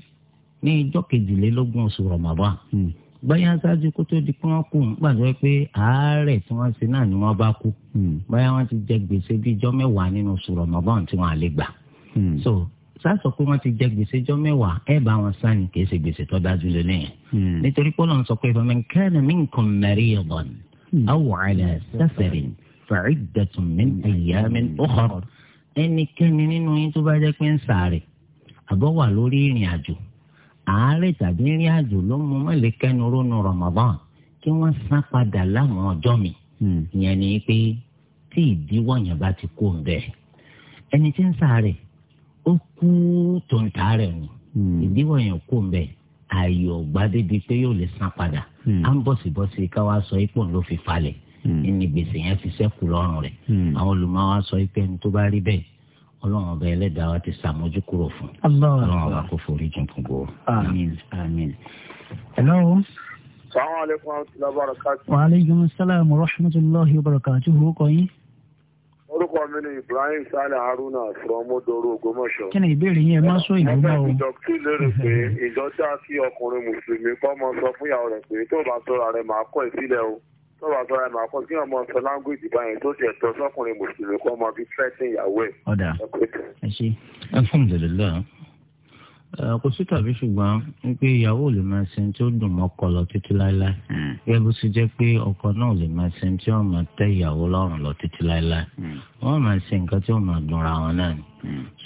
Speaker 4: ní ijọ́ kejìlélógún oṣù Ramadan hmm. báyà ṣáájú kó tó di pé wọ́n kú nígbà tó yẹ pé àárẹ̀ tí wọ́n ṣe náà ni wọ́n bá kú hmm. báyà wọ́n ti jẹ gbèsè bíi ijọ́ mẹ́wàá nínú oṣù Ramadan tí wọ́n á gbà hmm. so sásọ pé wọ́n ti jẹ gbèsè jọ́ mẹ́wàá ẹ bá wọn sani kì í ṣe gbèsè tó dájú lónìí yẹn nítorí pé Ọlọ́run sọ pé faman kana minkum maridan aw ala safarin fa'iddatun nínú yín tó bá jẹ́ pé ń ṣàárẹ̀ àbọ̀ wà lórí ìrìn àjò àárẹ̀ tàbí ìrìn àjò ló mú mọ́lẹ̀ kẹ́nu rónú Ramadan kí wọ́n san padà láwọn ọjọ́ mi hmm. ìyẹn ni pé tí ìdíwọ́ yẹn bá ti kó ń bẹ̀ ẹni tí ń sáré ó kú tó ń ta rẹ̀ ni hmm. ìdíwọ́ yẹn kó ń bẹ̀ ààyè ọ̀gbá débi pé yóò lè san padà hmm. à ń bọ̀sibọ̀si ká wá sọ ipò ló fi falẹ̀ ní gbèsè yẹn fi sẹ́kù lọ́rùn rẹ̀ àwọn olùmọ̀ wa sọ pé ẹni tó bá rí bẹ́ẹ̀ ọlọ́run ọba ẹlẹ́dàá wa ti sàmójú kúrò fún
Speaker 1: ọlọ́run ọba
Speaker 4: kò forí jìn fún gbogbo àmín àmín. hello.
Speaker 2: salaamaleykum wa rahmatulahi wa barakatuhu. wa
Speaker 3: aleykum rahmatulahi wa barakatuhu kọ́ yín.
Speaker 2: orúkọ mi ni ibrahim sale haruna fúrọmọdọrọ ògbómọ̀ṣọ́. kí ni
Speaker 3: ìbéèrè yẹn máa sọ ìlú náà o. ẹgbẹ́
Speaker 2: ìdọ̀tí lérò pé ìjọ dá sí ọkùnrin mùsùlùmí kọ́ mọ sọ fún ìyàwó rẹ̀ pé tó bá sọ̀rọ̀ tọ́wọ́ àtọ́ra ẹ̀ máa kọ́ kí ọmọ sọ láńgójì báyìí tó ti ẹ̀tọ́ sọkùnrin mùsùlùmí kọ́ ọmọ bíi fẹ́ẹ́sì ìyàwó ẹ̀.
Speaker 4: ọ̀dà ẹ ṣe alhamdulilayi kò sí tàbí ṣùgbọ́n wípé ìyàwó lè máa ṣe tí ó dùn mọ́kọ lọ títí láéláé hmm. gẹ́gẹ́ bó ṣe jẹ́ pé ọkọ náà lè máa ṣe tí ó máa tẹ́ ìyàwó lọ́rùn lọ títí láéláé hmm. wọ́n máa ṣe nǹkan tí ó máa dùnra wọn náà ni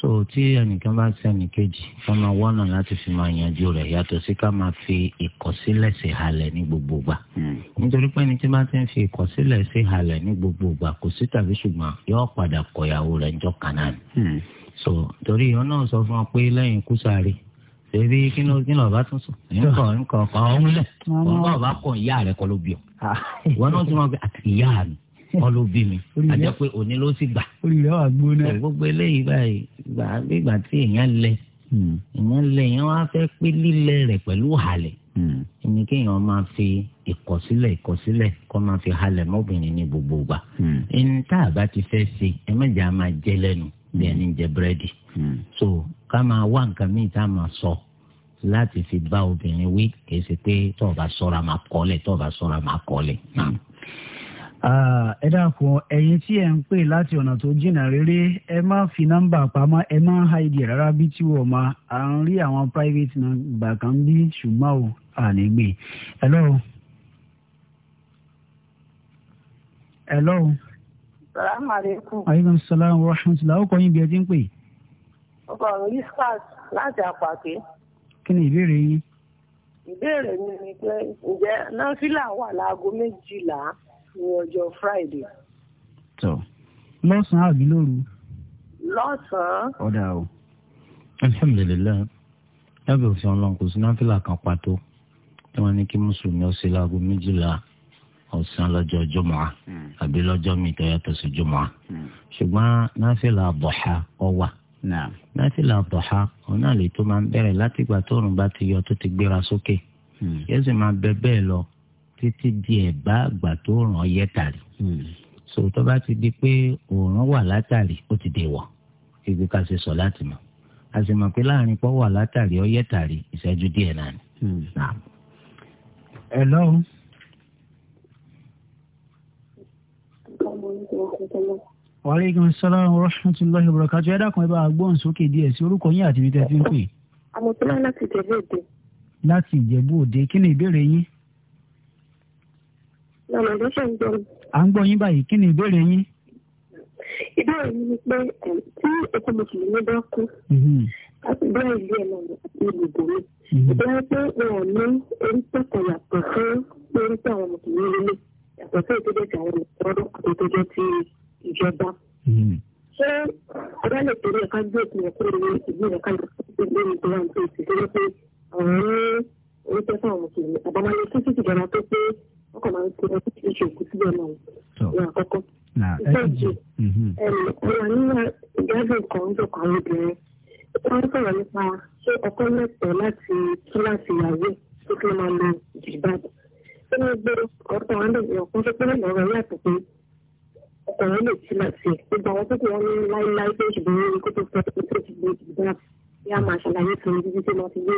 Speaker 4: so tí ẹnìkan bá ṣe ẹnìkejì ká máa wọ́nà láti fi máa yanjú rẹ̀ yàtọ̀ sí ká máa fi ìkọ̀sílẹ̀ sí halẹ̀ ní gbogbo gbà hmm. nítorí pé ẹni tí bá ti ń fi ìkọ̀sílẹ̀ sí halẹ̀ ní gbogbo gbà kò sí tàbí ṣùgbọ́n yóò padà kọ̀yàwó rẹ̀ ńjọ́ kan náà hmm. so torí ọ náà sọ fún ọ pé lẹ́yìn kúsàárì ṣèbí kí ló kí ló bá tún sùn nǹkan nǹkan kan ọ̀hún lẹ̀ ọ̀hún bá kọ̀ ìyá rẹ̀ kọ́ ló bí ọ ah wọn ló bí mi àjẹ́ pé òní ló sì gbà. oríire wà gbóná. gbogbo eléyìí báyìí gbà gbígbà tí èèyàn lẹ hmm. èèyàn lẹ èèyàn wá fẹ́ pé lílẹ rẹ̀ pẹ̀lú halẹ̀ hmm. ẹni kéèyàn máa fi ìkọ̀sílẹ̀ ìkọ̀sílẹ̀ kó máa fi halẹ̀ mọ́bìnrin ní gbogbo gbà. Hmm. ẹni tá a bá ti fẹ́ ṣe ẹ mẹ́jà máa jẹ lẹ́nu bí ẹni jẹ búrẹ́dì. so ká máa wá nǹkan míì tá a máa sọ. So láti fi bá obìnrin wí kì í ṣe pé tọ́ọ̀bà sọ́ra máa kọ́lẹ̀ tọ́ọ̀bà sọ́ra máa kọ́lẹ̀.
Speaker 3: ẹ dàpọ̀ ẹ̀yin tí ẹ̀ ń pè láti ọ̀nà tó jìnnà rere ẹ má fi nọ́mbà pamọ́ ẹ má ha ìdí rárá bí tí wọ́n ma à ń rí àwọn private number kan bí ṣùgbọ́n ò ànígbè. ẹ̀lọ́. hello.
Speaker 5: salaamaleykum. aleykum
Speaker 3: salaam wa rahmatulah ó kọ́ yín bí ẹ ti ń pè.
Speaker 5: ọkọ mi yiskas láti àpàké.
Speaker 3: kí ni ìbéèrè yín.
Speaker 5: ìbéèrè mi ni pé ǹjẹ́ náfìlà wà láago méjìlá. fún ọjọ́ friday.
Speaker 3: tọ
Speaker 4: lọ́sàn-án àbí lóru.
Speaker 5: lọ́sàn-án.
Speaker 4: ọ̀dà o alhamdulilayi lábẹ́ òfin ọlọ́run kò sí náfìlà kan pàtó tí wọ́n ní kí mùsùlùmí ọ̀sẹ̀ láago méjìlá ọ̀sán lọ́jọ́ jùmọ̀á hmm. àbí lọ́jọ́ mi tó yàtọ̀ sí jùmọ̀á hmm. ṣùgbọ́n náfìlà àbọ̀há ọ̀wà náfìlà àbọ̀há ọ̀nà àlè tó máa ń bẹ̀rẹ̀ látìgbà tóòrùn bá ti yọ tó ti gbéra sókè hmm. yẹ́sì máa bẹ bẹ́ẹ̀ lọ títí di ẹ̀bá àgbà tó ràn ọ́ yẹ́tàrí hmm. so tó bá ti di pé òòrùn wà látàrí ó ti dèwọ̀ ibi ká ṣe sọ láti mọ̀ a sì mọ̀ pé láàrin pọ́ wà látàrí ọ yẹ́tàrí ìṣẹ́jú díẹ̀ náà ni. Hmm. hello.
Speaker 3: wàlẹ́kùn sálàmù rahmatulahi wabarakatuh ẹ dákun ẹ bá gbọ́n sókè díẹ̀ sí orúkọ yín àti ibi tẹ́ ti ń pè.
Speaker 2: àmọ̀tọ́lá láti ìjẹ̀bú òde.
Speaker 3: láti ìjẹ̀bú òde kí ni ìbéèrè yín
Speaker 2: ọ̀nàdọ́ ṣe ń gbọ́ mi.
Speaker 3: à ń gbọ́ yín báyìí kí ni ìbéèrè yín.
Speaker 2: ìbéèrè mi ni pé tí ètò mùsùlùmí bá kú láti bá ìlú ẹ̀ lọ ibùdó mi ìbéèrè pé wọn ò ní orí pẹ̀kọ̀ yàtọ̀ fún orí tí àwọn mùsùlùmí lélẹ̀ yàtọ̀ fún ètò ìjọba àwọn ọ̀dọ́ àti ètò ìjọba ti ìjọba. ṣé ọ̀dọ́ lè torí ẹ̀ka gbé òkú ẹ̀kọ́ ìlú ìlú ẹ̀ka ìgbé mi tó wà ní ìsìnkú ló pé àwọn orí tẹ́fà àwọn mùsùlùmí àbámáyé títí ìjọba tó pé kọ̀ máa ń ṣe ọkọ̀ tí ìṣe òkú síbẹ̀ náà ní àkọ́kọ́. ìṣèjì ọ̀rọ̀ nígbà ìgbàgbọ́ kan ń jọ àwọn obìnrin wọ́n sọ̀rọ̀ nípa ṣé ọkọ lẹ́tọ̀ọ́ láti kíláàsì ìyàwó tó kí máa lo jìbáàbù. ó ní gbé ọ̀pọ̀ àwọn ọ̀dọ́ ọ̀kan tó pẹ́ lọ́rọ̀ yàtọ̀ pé ọkùnrin lè kíláàsì gbogbo àwọn tó kù wọn ní láíláí tó ṣùgbọ́n orí kó tó fẹ́ kó tó ti gbé jìbáàbù bí a máa ṣàlàyé fún ibi tó máa fi gbé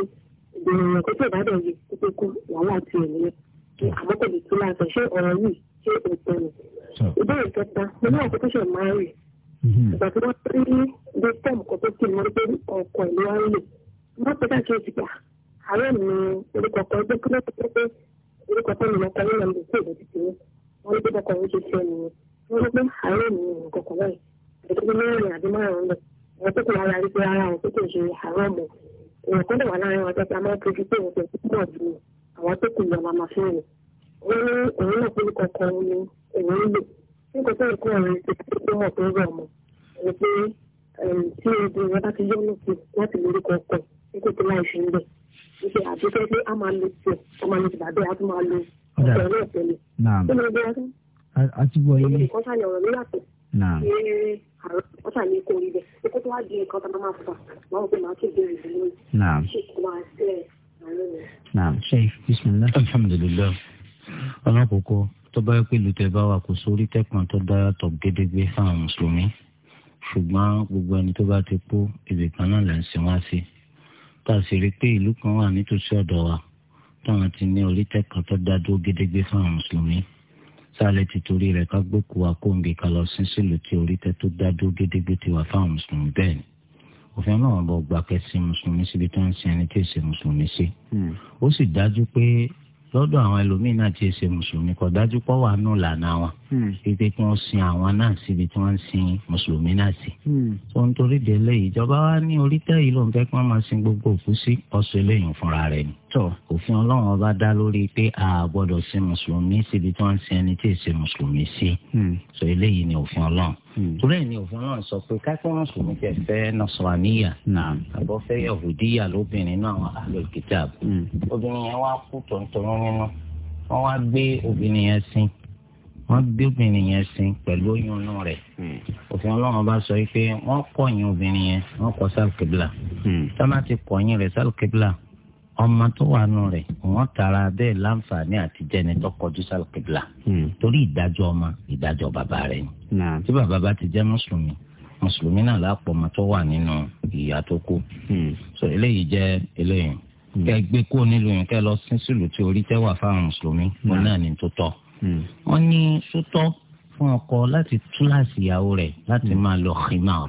Speaker 2: ìgbìmọ̀ kó tó ìbàdàn yìí kó tó kú wàhálà tiẹ̀ nìyẹn àmọ́ kò lè tún láǹtọ̀ ṣé ọ̀rọ̀ yìí ṣé ètò ni. ìbéèrè kẹta mo ní àkókò ṣe máa rè mm-hmm. ìgbà tí wọ́n rí dé tẹ́ẹ̀mù kan tó kì í mọ́ pé ọkọ̀ ìlú wa ń lò wọ́n pẹ́ káàkiri gbà àárẹ̀ mi orúkọ kan ẹgbẹ́ kí lọ́kọ̀ pé orúkọ tó nìyẹn kan nínú ẹ̀mí tó ìdọ̀tí tiwọn wọ́n ló gbọ́dọ̀ kọ̀wé tó tiẹ̀ nìyẹn wọ́n ló pé àárẹ̀ mi nǹkan kan báyìí àdìgbò mẹ́rin àbí márùn-ún lọ àwọn tó kù lára rí pé ara àwọn tó kù ṣe àárọ̀ mọ̀ èèyàn kan dẹ̀ wà láàrin àwọn tó kù ìjọba máa fún rẹ̀ ó ní òun náà pé kankan ni òun ń lò nígbà tó nǹkan ọ̀rẹ́ ti ti tó hàn tó rọ̀ ọmọ ẹni pé tí ebi wọn bá ti yọ lókè láti lórúkọ ọkọ nígbà tó láì fi ń bẹ̀ nígbà àdúgbò pé a máa lo tiẹ̀ a máa lo tìbàdé a tún máa lo ọkọ̀ náà tẹ́lẹ̀ tó o bí wọn. a ti gbọ́ yé. ìkọ́sà ni ọ̀rọ̀ mi yàtọ̀ ọ̀sà ní kò rí bẹ́ẹ̀ kókó tó wá di nǹkan tó máa fà máa wọ pé màá tún bẹ̀rẹ̀ ìdílé ṣe kó máa ṣe
Speaker 4: naam sheikh bisimilah. alhamdulilayi ọlọ́kọ̀ọ́kọ́ tó bá yẹ pé lùtẹ̀ bá wà kò sórí tẹ̀kàn tó dára tó gédégbé fáwọn mùsùlùmí ṣùgbọ́n gbogbo ẹni tó bá ti kú ibì kan náà lè ń sin wá sí tá a sì rí i pé ìlú kan wà nítòsí ọ̀dọ̀ wa táwọn ti ní orí tẹ̀kàn tó dá dúró gédégbé fáwọn mùsùlùmí sálẹ̀ ti torí rẹ̀ ká gbókùú akóǹgì ká lọ sí sílùú tí orí tẹ̀ tó dá dúró gédégbé ti wà fáwọn mùsùlùmí bẹ́ẹ̀ ni òfin ọlọ́run bọ̀ gbà kẹsì mùsùlùmí síbi tó ń sin ẹni tí èsì mùsùlùmí sí. Hmm. ó sì dájú pé lọ́dọ̀ àwọn ẹlòmíín náà tí èsì mùsùlùmí kò dájú pọ̀ wà nù lànà wọn. pípé hmm. kí wọ́n sin àwọn náà síbi tí wọ́n ń sin mùsùlùmí náà sí. tó ń torí délé ìjọba wa ní orí tẹ́ yìí ló ń fẹ́ kí wọ́n máa sin gbogbo òkú sí ọ̀sẹ̀ lẹ́yìn fúnra rẹ̀ ni. tó òfin ọlọ́run ọba dá lórí pé a gbọ́dọ̀ sin mùsùlùmí síbi tí wọ́n ń sin ẹni tí èsì mùsùlùmí sí. Hmm. sọ eléyìí ni òfin ọlọ́run Hmm. torí ẹ̀ ní òfin náà sọ pé káfíń mùsùlùmí tẹ fẹ́ nasraniya àbọ̀ fẹ́ yahudiya lóbìnrin náà ahlul kitab hmm. obìnrin yẹn wá kú tọ̀ntọ̀rọ̀ nínú wọ́n wá gbé obìnrin yẹn sin wọ́n gbé obìnrin yẹn sin pẹ̀lú oyún inú rẹ̀ hmm. òfin ọlọ́run bá sọ pé wọ́n kọ̀yìn obìnrin yẹn wọ́n kọ sálùkébìlà tọ́lá ti kọ̀yìn rẹ̀ sálùkébìlà ọmọ tó wà nù rẹ̀ wọ́n tara bẹ́ẹ̀ láǹfààní àti jẹni tó kọjú sálùkìbìlà hmm. torí ìdájọ́ ọmọ ìdájọ́ bàbá rẹ̀ ni tí bàbá bá ti jẹ́ mùsùlùmí mùsùlùmí náà lápò ọmọ tó wà nínú ìyá tó kú hmm. so eléyìí jẹ́ eléyìí hmm. kẹ gbé kó nílùú yẹn kẹ lọ sí sílùú tí orí tẹ wà fáwọn mùsùlùmí wọn náà ní tó tọ́ wọ́n ní sótọ́ fún ọkọ láti túláàsì ìyàwó rẹ̀ láti máa lo khimar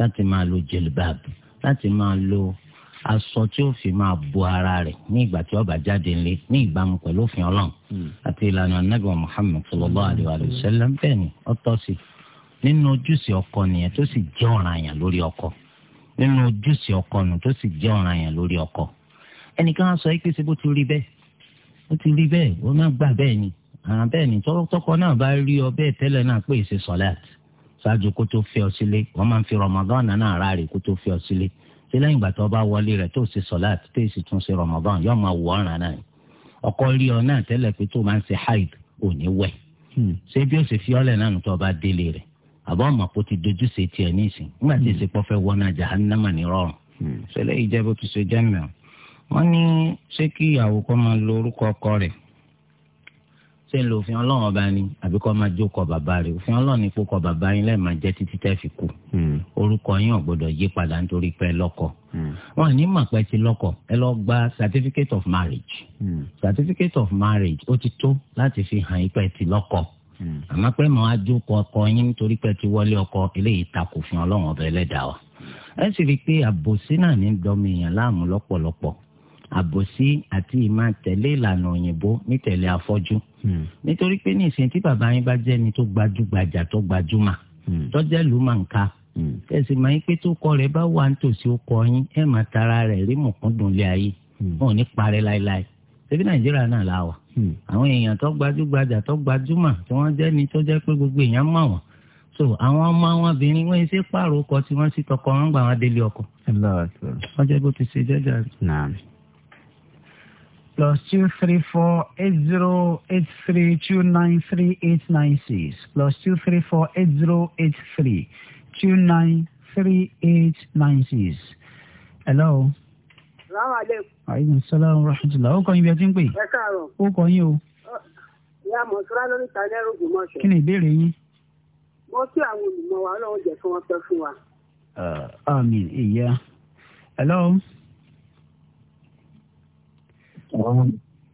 Speaker 4: láti máa lo jelibab láti máa lo aṣọ tí ó fi máa bo ara rẹ̀ ní ìgbà tí ó bá jáde ńlẹ ní ìbámu pẹ̀lú òfin Ọlọ́run hmm. àti ìlànà anábìwọ Muhammad sallallahu alayhi wa sallam bẹ́ẹ̀ ni ó tọ́ sí nínú ojúṣe ọkọ nìyẹn tó sì jẹ́ ọ̀ranyàn lórí ọkọ nínú ojúṣe ọkọ nù tó sì jẹ́ ọ̀ranyàn lórí ọkọ ẹnìkan á sọ pé síbó ti rí bẹ́ẹ̀ ó ti rí bẹ́ẹ̀ ó náà gbà bẹ́ẹ̀ ni àwọn bẹ́ẹ̀ ni tọkọ náà bá rí ọ bẹ́ẹ̀ tẹ́lẹ̀ náà pé èsì sọ̀láàtì ṣáájú kó tó fẹ́ ọ sílé wọ́n máa ń fi Ramadan náà rárẹ̀ kó tó fẹ́ ọ sílé ṣé lẹ́yìn ìgbà tó bá wọlé rẹ̀ tó ṣe sọ̀láàt tó sì tún ṣe rọmọbọ́n yóò máa wọ ọ̀ràn náà ọkọ rí ọ náà tẹ́lẹ̀ pé tó máa ń ṣe haid ò ní wẹ̀ hmm. ṣé bí ó ṣe fi ọ́lẹ̀ náà tó bá délé rẹ̀ àbọ̀ ọmọ kò ti dojú ṣe tiẹ̀ ní ìsìn nígbà tí ìsìnkú fẹ́ wọ jahannama ní rọrùn ṣẹlẹ̀ ìjẹ́bù tó ṣe jẹ́ mẹ́rin wọ́n ní ṣé kí ìyàwó kọ́ máa lo orúkọ ọkọ rẹ̀ ṣé ń lo òfin ọlọ́run ọba ni àbí kọ́ máa jókòó bàbá rẹ̀ òfin ọlọ́run ni kókọ́ bàbá yín lẹ́ẹ̀ máa jẹ́ títí tẹ́ fi kú hmm. orúkọ yín ò yí padà nítorí pé lọ́kọ hmm. wọn ní màpẹ́ ti lọ́kọ ẹ lọ gba certificate of marriage hmm. certificate of marriage ó ti tó láti fi hàn yín pé ti lọ́kọ àmọ́ pé màá jókòó ọkọ yín nítorí pé ti wọlé ọkọ eléyìí takò fún ọlọ́run ọba ẹlẹ́dàá wa ẹ sì rí i pé àbòsí náà ní dọ́mi láàmú lọ́pọ̀lọpọ̀ àbòsí àti ìmá tẹ̀lé ìlànà òyìnbó ní tẹ̀lé afọ́jú. Hmm. nítorí pé ní ìsìn tí bàbá yín bá jẹ́ ni tó gbajúgbajà tó gbajúmọ̀ tọ́jẹ́ ló máa ń ka tẹ̀sí máa ń pé tó kọ rẹ̀ bá wà nítòsí ó kọ yín ẹ̀ máa tara rẹ̀ rí mọ̀kúndùn lé ayé hmm. wọn ò ní parẹ́ láéláé ṣebí nàìjíríà náà la wà. Hmm. àwọn èèyàn tó gbajúgbajà tó gbajúmọ̀ tí wọ́n jẹ́ ni tó jẹ́ pé gbogbo èèyàn mọ̀ wọ́n so àwọn ọmọ àwọn obìnrin wọn ṣe pààrọ̀ ọkọ tí wọ́n sì tọkọ wọn gbà wọn délé ọkọ. ọjọ́ bó ti ṣe jẹ́jà
Speaker 3: plus two three four eight zero eight three two nine three eight nine six plus two three four eight zero eight three two nine three eight nine six. hello. salaamaleykum. aleykum salaam wa rahmatulah. ó kọ́ yín bí ẹ ti ń pè. ẹ káàárọ̀. ó kọ́ yín o.
Speaker 5: ìyá mọ̀sára lórí ìtàlẹ́ rògbò mọ́ṣẹ́. kí ni ìbéèrè yín. mo kí àwọn olùmọ̀ wa ọlọ́run jẹ́ fún wọn pẹ́ fún wa.
Speaker 3: àmín uh, ìyá. hello. hello?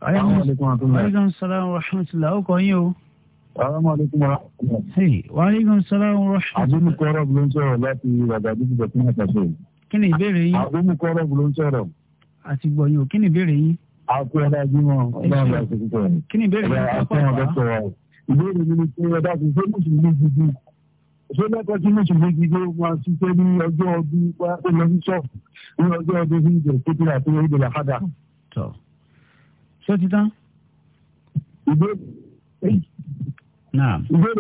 Speaker 1: aleykum
Speaker 3: salaam wa rahmatulah ó kọ yín o. aleykum salaam. wa aleykum salaam wa rahmatulah. àbí mi kọ́ ọ̀rọ̀ ló ń sọ̀rọ̀ láti ràgàdì ìjọba tí wọ́n kàṣọ. kí ni ìbéèrè yín. àbí mi kọ́ ọ̀rọ̀ ló
Speaker 2: a kú ṣó ti tán. ìbéèrè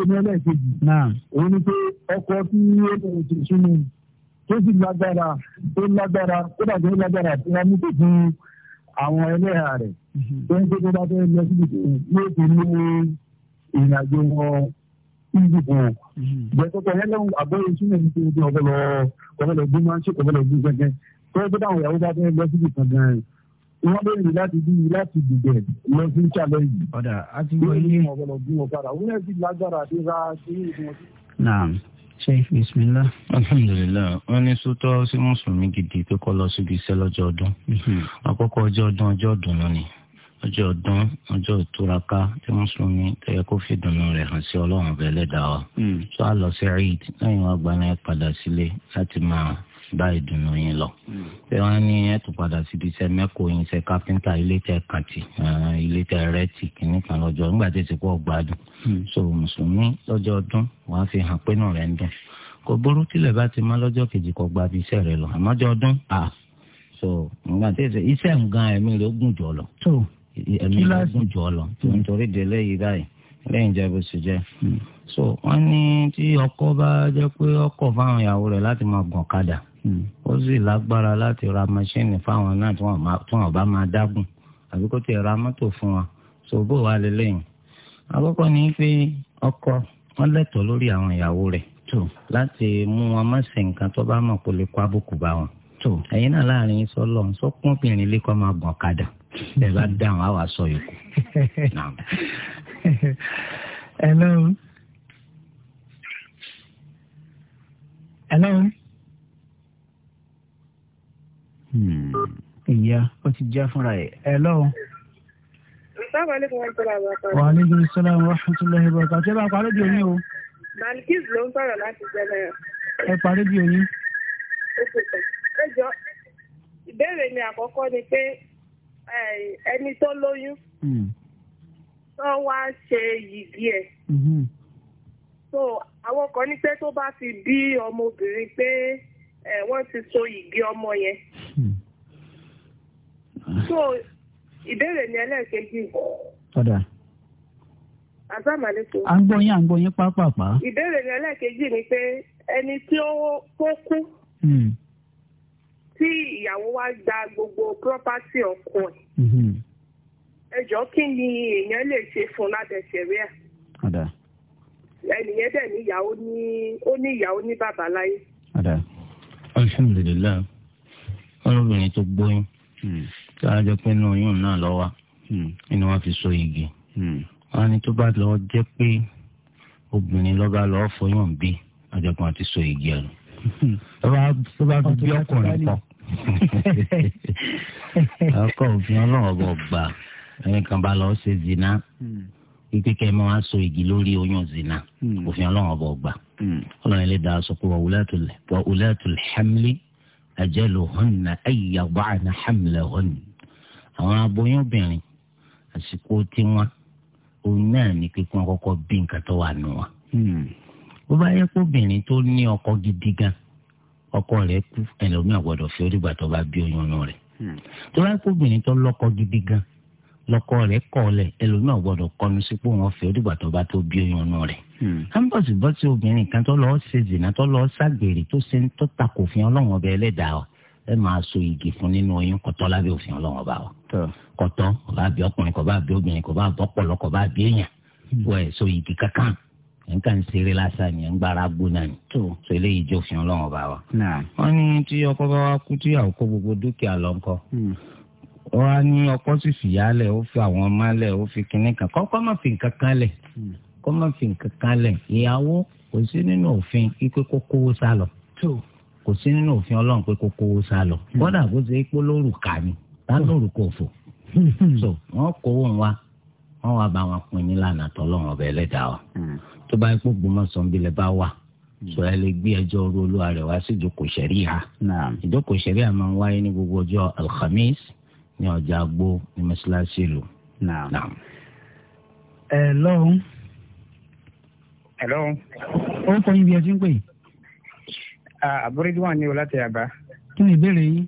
Speaker 2: mi ẹlẹ́ẹ̀kejì. òun ni pé ọkọ tí ó bẹ̀rẹ̀ tó súnmù tó sì lágbára tó lágbára tó dàgbé lágbára tí wọ́n mú kó fún àwọn ẹlẹ́hà rẹ̀ mhm. tó ń gbé bá fẹ́ lọ síbi yóò fi mú ìrìn àjò wọn níbi kan mhm. bẹ̀tọ̀tọ̀ yẹn lẹ́hùn àgbẹ̀rẹ̀ ìsúnmọ̀ ní ti ọ̀bẹ̀lọ̀ ọ̀bẹ̀lọ̀ gbé máa ń ṣe ọ̀bẹ̀lọ̀ gbé gẹ́gẹ́ tó ń gbé báwọn ìyàwó wọ́n lórí láti bí láti dìbẹ̀ lọ sí challenge. ọ̀dà a ti wọ ilé. wọ́n bọ̀ bí wọn padà wọ́n sì lágbára àti ra sí ìdíwọ̀n.
Speaker 4: naam
Speaker 3: sheikh bismillah.
Speaker 4: alhamdulilayi wọn ní sọtọ sí mùsùlùmí gidi pé kó lọ síbi iṣẹ́ lọ́jọ́ ọdún mhm. àkọ́kọ́ ọjọ́ ọdún ọjọ́ ọdún lónìí ọjọ́ ọdún ọjọ́ ìtúraká tí mùsùlùmí tẹ̀yẹ kó fi dùnú rẹ̀ hàn sí ọlọ́run ọ̀bẹ ẹlẹ́dàá wa. Mhm. sọ àlọ́ sí eid lẹ́yìn wá gbaná padà sílé láti máa bá ìdùnnú yín lọ. ṣé hmm. wọ́n ní ẹ̀tún padà sí ibi iṣẹ́ mẹ́kọ̀ọ́ yín iṣẹ́ káfíńtà ilé tẹ kàǹtì eh, ilé tẹ rẹ́tì kìíní kan lọ́jọ́ nígbà tí èsì pọ̀ gbádùn. Hmm. so mùsùlùmí lọ́jọ́ ọdún wàá fi hàn pé náà rẹ̀ ń dùn. kò burú tílẹ̀ bá ti mọ́ lọ́jọ́ kejì kọ́ gba iṣẹ́ rẹ lọ àmọ́jọ́ ọdún à so nígbà tí èsì iṣẹ́ nǹkan ẹ̀mí rẹ̀ ó gùn jọ lọ. ẹ̀mí rẹ̀ ó gùn jọ lọ hmm. so wọ́n ní tí ọkọ bá jẹ́ pé ọkọ fáwọn ìyàwó rẹ̀ láti máa gùn ọ̀kadà Hmm. ó sì lágbára láti ra mọ́ṣíìnì fáwọn náà tí wọ́n bá máa dágùn àbí kó tiẹ̀ ra mọ́tò fún wọn ṣòbó wa lélẹ́yìn. àkọ́kọ́ ni pé ọkọ wọn lẹ́tọ̀ọ́ lórí àwọn ìyàwó rẹ̀ láti mú wọn má ṣe nǹkan tó bá mọ̀ kó lè kó àbùkù bá wọn. ẹ̀yin náà láàrin sọ́lọ́ sọ́kúnbìnrin lè kọ́ máa gbọ̀n kadà ẹ̀ bá dáhùn á sọ yòókù. hello.
Speaker 3: hello. Hmm. ìyá ó ti já fúnra ẹ̀ ẹ lọ́wọ́.
Speaker 5: wa aleykum salaam
Speaker 3: wa rahmatulahi wa barakatuh ṣé bá a parí di oyin o.
Speaker 5: malkis ló ń sọ̀rọ̀ láti jẹ́lẹ̀.
Speaker 2: ẹ parí di oyin.
Speaker 5: ẹ jọ ìbéèrè mi àkọ́kọ́ ni pé ẹni tó lóyún hmm. tó wá ṣe yìgì ẹ̀ hmm. so àwọn kan ní pé tó bá fi bí ọmọbìnrin pé. Eh, wọ́n ti so ìgé ọmọ yẹn. Hmm. so ìbéèrè ni ẹlẹ́ẹ̀kejì. ọ̀dà. àzámàlẹ́kọ̀. à ń
Speaker 3: gbọ́ yín à ń gbọ́ yín pápápá.
Speaker 5: ìbéèrè ni ẹlẹ́ẹ̀kejì ni pé ẹni tí ó kó kú. Hmm. tí ìyàwó wa gba gbogbo property ọkọ ẹ̀. Hmm. ẹ jọ̀ọ́ kí ni èèyàn lè ṣe fún lábẹ́ sẹ̀ríà. ọ̀dà. ẹnìyẹn dẹ̀ ní ìyàwó ní ó ní ìyàwó ní bàbá láyé.
Speaker 4: ọ̀dà alhamdulilayi ọlọ́bìnrin tó gbóyún hmm. tí a jẹ́ pé inú oyún náà lọ wá hmm. inú wọn fi so igi wọn hmm. ni tó bá lọ jẹ́ pé obìnrin lọ́ba lọ́ọ́ fọyún bí ajẹ́pọ̀ àti so igi ẹ̀
Speaker 1: tó bá fi bí ọkùnrin kọ́
Speaker 4: ọkọ̀ òfin ọlọ́wọ́ bọ̀ gbà ẹnìkan bá lọ́ọ́ ṣe zina ìpínkẹ́ ẹ̀ máa sọ igi lórí oyún zina hmm. òfin ọlọ́run ọba ọgbà hmm. ọlọ́run ilé dáa sọ pé wà wùlẹ́tùl hamli ajaluhunna ayya ba'na hamlahunna àwọn aboyún obìnrin àsìkò tiwọn òun náà ní pípọ́n kọ́kọ́ bí nǹkan tó wà nù wọn. Hmm. ó bá yẹ kó obìnrin tó ní ọkọ gidi gan ọkọ rẹ̀ kú ẹlòmíà gbọ́dọ̀ fi orí gbàtọ́ bá bí oyún rẹ̀ tó bá yẹ kó obìnrin tó lọ́kọ gidi gan lọkọ rẹ̀ kọlẹ ẹlòmíràn gbọ́dọ̀ kọnu sípò wọn fẹ́ ó dìgbà tó bá tó bí oyún ọnù rẹ̀. kámbọ̀sì hmm. bọ́ sí obìnrin kan tó lọ́ọ́ ṣe zìnà tó lọ́ọ́ ṣàgbèrè tó ṣe ń tó takò fún ọlọ́run ọbẹ̀ ẹlẹ́dàá ọ ẹ máa so igi fún nínú oyún kọ̀tọ́ lábẹ́ òfin ọlọ́run ọba ọ. kọ̀tọ́ kò bá bí ọkùnrin kò bá bí obìnrin kò bá bọ́pọ̀lọ́ kò bá bí èèyàn hmm. wọ ẹ̀ so igi kankan nǹkan ṣeré lásán ni ń gbára gbóná ni. tó so eléyìí jẹ́ òfin ọlọ́run ọba wa. wọ́n ní tí ọkọ bá wá kú tí àwòkọ́ gbogbo dúkìá lọ́nkọ́. Hmm wọ́n á ní ọkọ sì fìyàlẹ̀ ó fi àwọn ọmọ lẹ̀ ó fi kinní kan kọ́kọ́ má fi nǹkan kan lẹ̀ hmm. kọ́ má fi nǹkan kan lẹ̀ ìyàwó kò sí nínú òfin pé kó kówó sá lọ kò sí nínú òfin ọlọ́run pé kó kówó sá lọ hmm. kọ́dà bó ṣe pé lórúkà ni lálórúkọ hmm. òfò so wọ́n kówó wa wọ́n wá bá wọn pin ní lànà tọ́lọ́run ọbẹ̀ ẹlẹ́dàá wa tó bá pọ̀ gbọmọ sọ̀nbilẹ̀ bá wà sọ ẹ lè gbé ẹjọ́ orú olúwa rẹ̀ wá sí ìjókòó ṣẹ̀ríà ìjókòó ṣẹ̀ríà máa ń wáyé ní gbogbo ọjọ́ alhamis ní ọjà àgbo ní mọ́ṣáláṣí ìlú. ẹ lọ́hùn. ẹ lọ́hùn. ó ń kọ yín bí ẹ ti ń
Speaker 3: pè. àbúrẹ́dì wà ní ọlátẹ̀yàbá. kí ni ìbéèrè yín.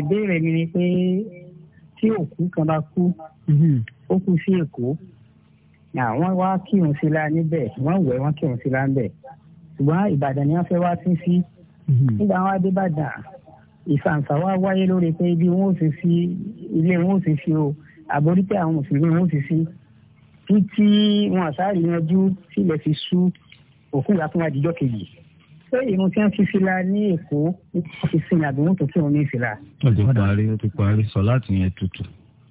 Speaker 3: ìbéèrè mi ni pé tí òkú kan bá kú mm-hmm. ó kú sí èkó àwọn wá kírun sí la níbẹ̀ wọ́n wẹ̀ wọ́n kírun sí la níbẹ̀ ṣùgbọ́n ìbàdàn ni wọ́n fẹ́ wá sí sí
Speaker 1: mm-hmm.
Speaker 3: nígbà wọn adébàdàn ìfàǹfà wa wáyé lórí pé ibi wọn ò sì sí ilé wọn ò sì sí o àbórí pé àwọn mùsùlùmí wọn ò sì sí títí wọn àsáàrí yanjú sílẹ̀ fi sú òkú ìyá fún àdìjọ́ kejì pé irun tí wọn fi fila ní èkó wọn fi sin àbí wọn tó kí wọn ní ìfìlà.
Speaker 4: ó ti parí ó ti parí sọ láti yẹn tutù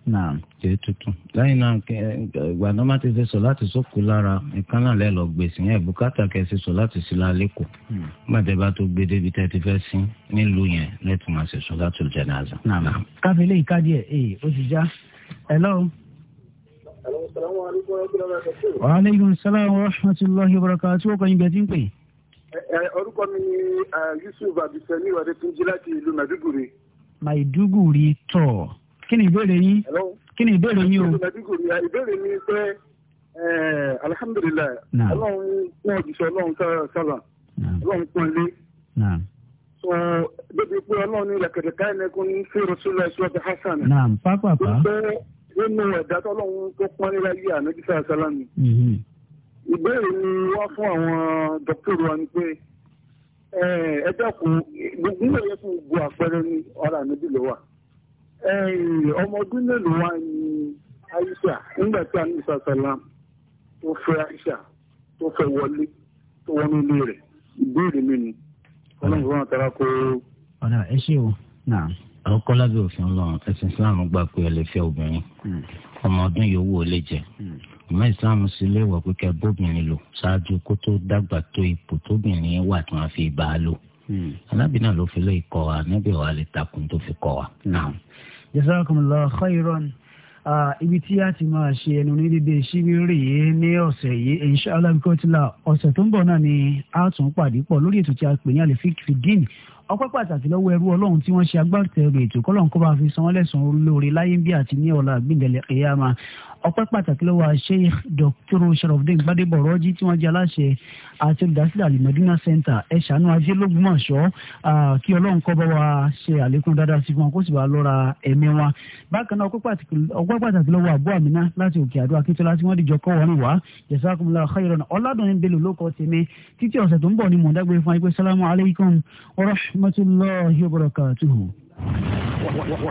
Speaker 4: náà jẹ́ tuntun lẹ́yìn náà eh, ìgbà náà má ti ṣe sọ láti sóko lára nǹkan náà lẹ́lọ́ gbèsè yẹn bùkátà kẹ́ ẹ ṣe sọ láti sí lálẹ́ kù hmm. gbàdé bá tó gbé débi tẹ́ ẹ ti fẹ́ sí nílùú yẹn lẹ́tù máa ṣe sọ láti jánásà.
Speaker 3: káfílẹ̀ ìkádìí ẹ̀ ẹ̀ ó ti já ẹ̀ aleykum salaam wa rahmatulahi wa barakatuh. Ó kọ́ ibẹ̀ tí ń pè.
Speaker 2: Orúkọ mi ni eh, Yusuf Abisani Wadetunji láti ìlú Maiduguri.
Speaker 3: Maiduguri tọ̀ kí ni ìbéèrè yín kí ni ìbéèrè yín o.
Speaker 2: ìbéèrè mi pé alihamudulilayi ọlọ́run kún ọ̀jíṣẹ́ ọlọ́run sálà ọlọ́run kún ilé. sọ bébí pé ọlọ́run ní ìlàkẹ̀dẹ̀ káyọ̀ ẹ̀kún ní fèrè sílẹ̀ síwájú hasan.
Speaker 3: naam pápápá.
Speaker 2: nínú ẹ̀dá tọ́lọ́run tó pọ́n nílá yìí ànágísà sálámì. Mm-hmm. ìbéèrè mi wá fún àwọn dókítà wa ni pé ẹ dákun gbogbo ẹ̀yẹ fún gbogbo àpẹẹrẹ ní ọ̀rọ̀ ànábì ló wà. ọmọ ọdún mélòó wá ní Aisha nígbà tí àní ìsàsàlám tó fẹ́ Aisha tó wọlé tó wọnú ilé rẹ̀ ìbéèrè mi ni ọlọ́run fún àtàrà kó.
Speaker 4: ọ̀nà ẹ ṣe o náà òfin ọlọ́run ẹ̀sìn islam gbà pé ẹ lè hmm. ọmọ ọdún lè jẹ ọmọ hmm. islam sì pé bóbìnrin lò ṣáájú kó tó dàgbà tó ipò tóbìnrin wà a lò. anábì hmm. náà ló fi lè kọ́ wa níbi wàá lè takùn tó fi kọ́ wa.
Speaker 3: jazakumullahu khairan ibi tí a ti máa ṣe ẹnu ní dédé ṣíbírì yìí ní ọ̀sẹ̀ yìí inshallah bíkọ́tìlá ọ̀sẹ̀ tó ń bọ̀ náà ni a tún pàdé pọ̀ lórí ètò tí a pè ní àlè fíkìdíìnì ọpẹ́ pàtàkì lọ́wọ́ ẹrú ọlọ́run tí wọ́n ṣe agbátẹrù ètò kọ́lọ́n kó bá fi san wọ́n lẹ́sàn-án olóore láyé bí àti ní ọ̀la gbìndẹ̀lẹ̀ kìyàmá ọpẹ́ pàtàkì lọ́wọ́ Sheikh Dr. Sharafdin Gbadebo Rọ́jí tí wọ́n jẹ́ aláṣẹ àti olùdásílẹ̀ alimọ̀dúnà center ẹ̀ṣánú ajé lógúnmọ̀ṣọ́ kí ọlọ́run kó bá wa ṣe àlékún dáadáa sí wọn kó sì bá lọ́ra ẹ̀mí wọn. bákan náà ọpẹ́ pàtàkì lọ́wọ́ àbú àmínà láti òkè àdó akíntola tí wọ́n dìjọ kọ́ wọn wá jazakumullahu khairan ọ̀làdùnrin bẹ́lú ló kọ́ tèmi títí ọ̀sẹ̀ tó ń bọ̀ ni mọ̀ọ́dágbé fún ayé pé sálámù alaykum rahmatulahi wa barakatuhu.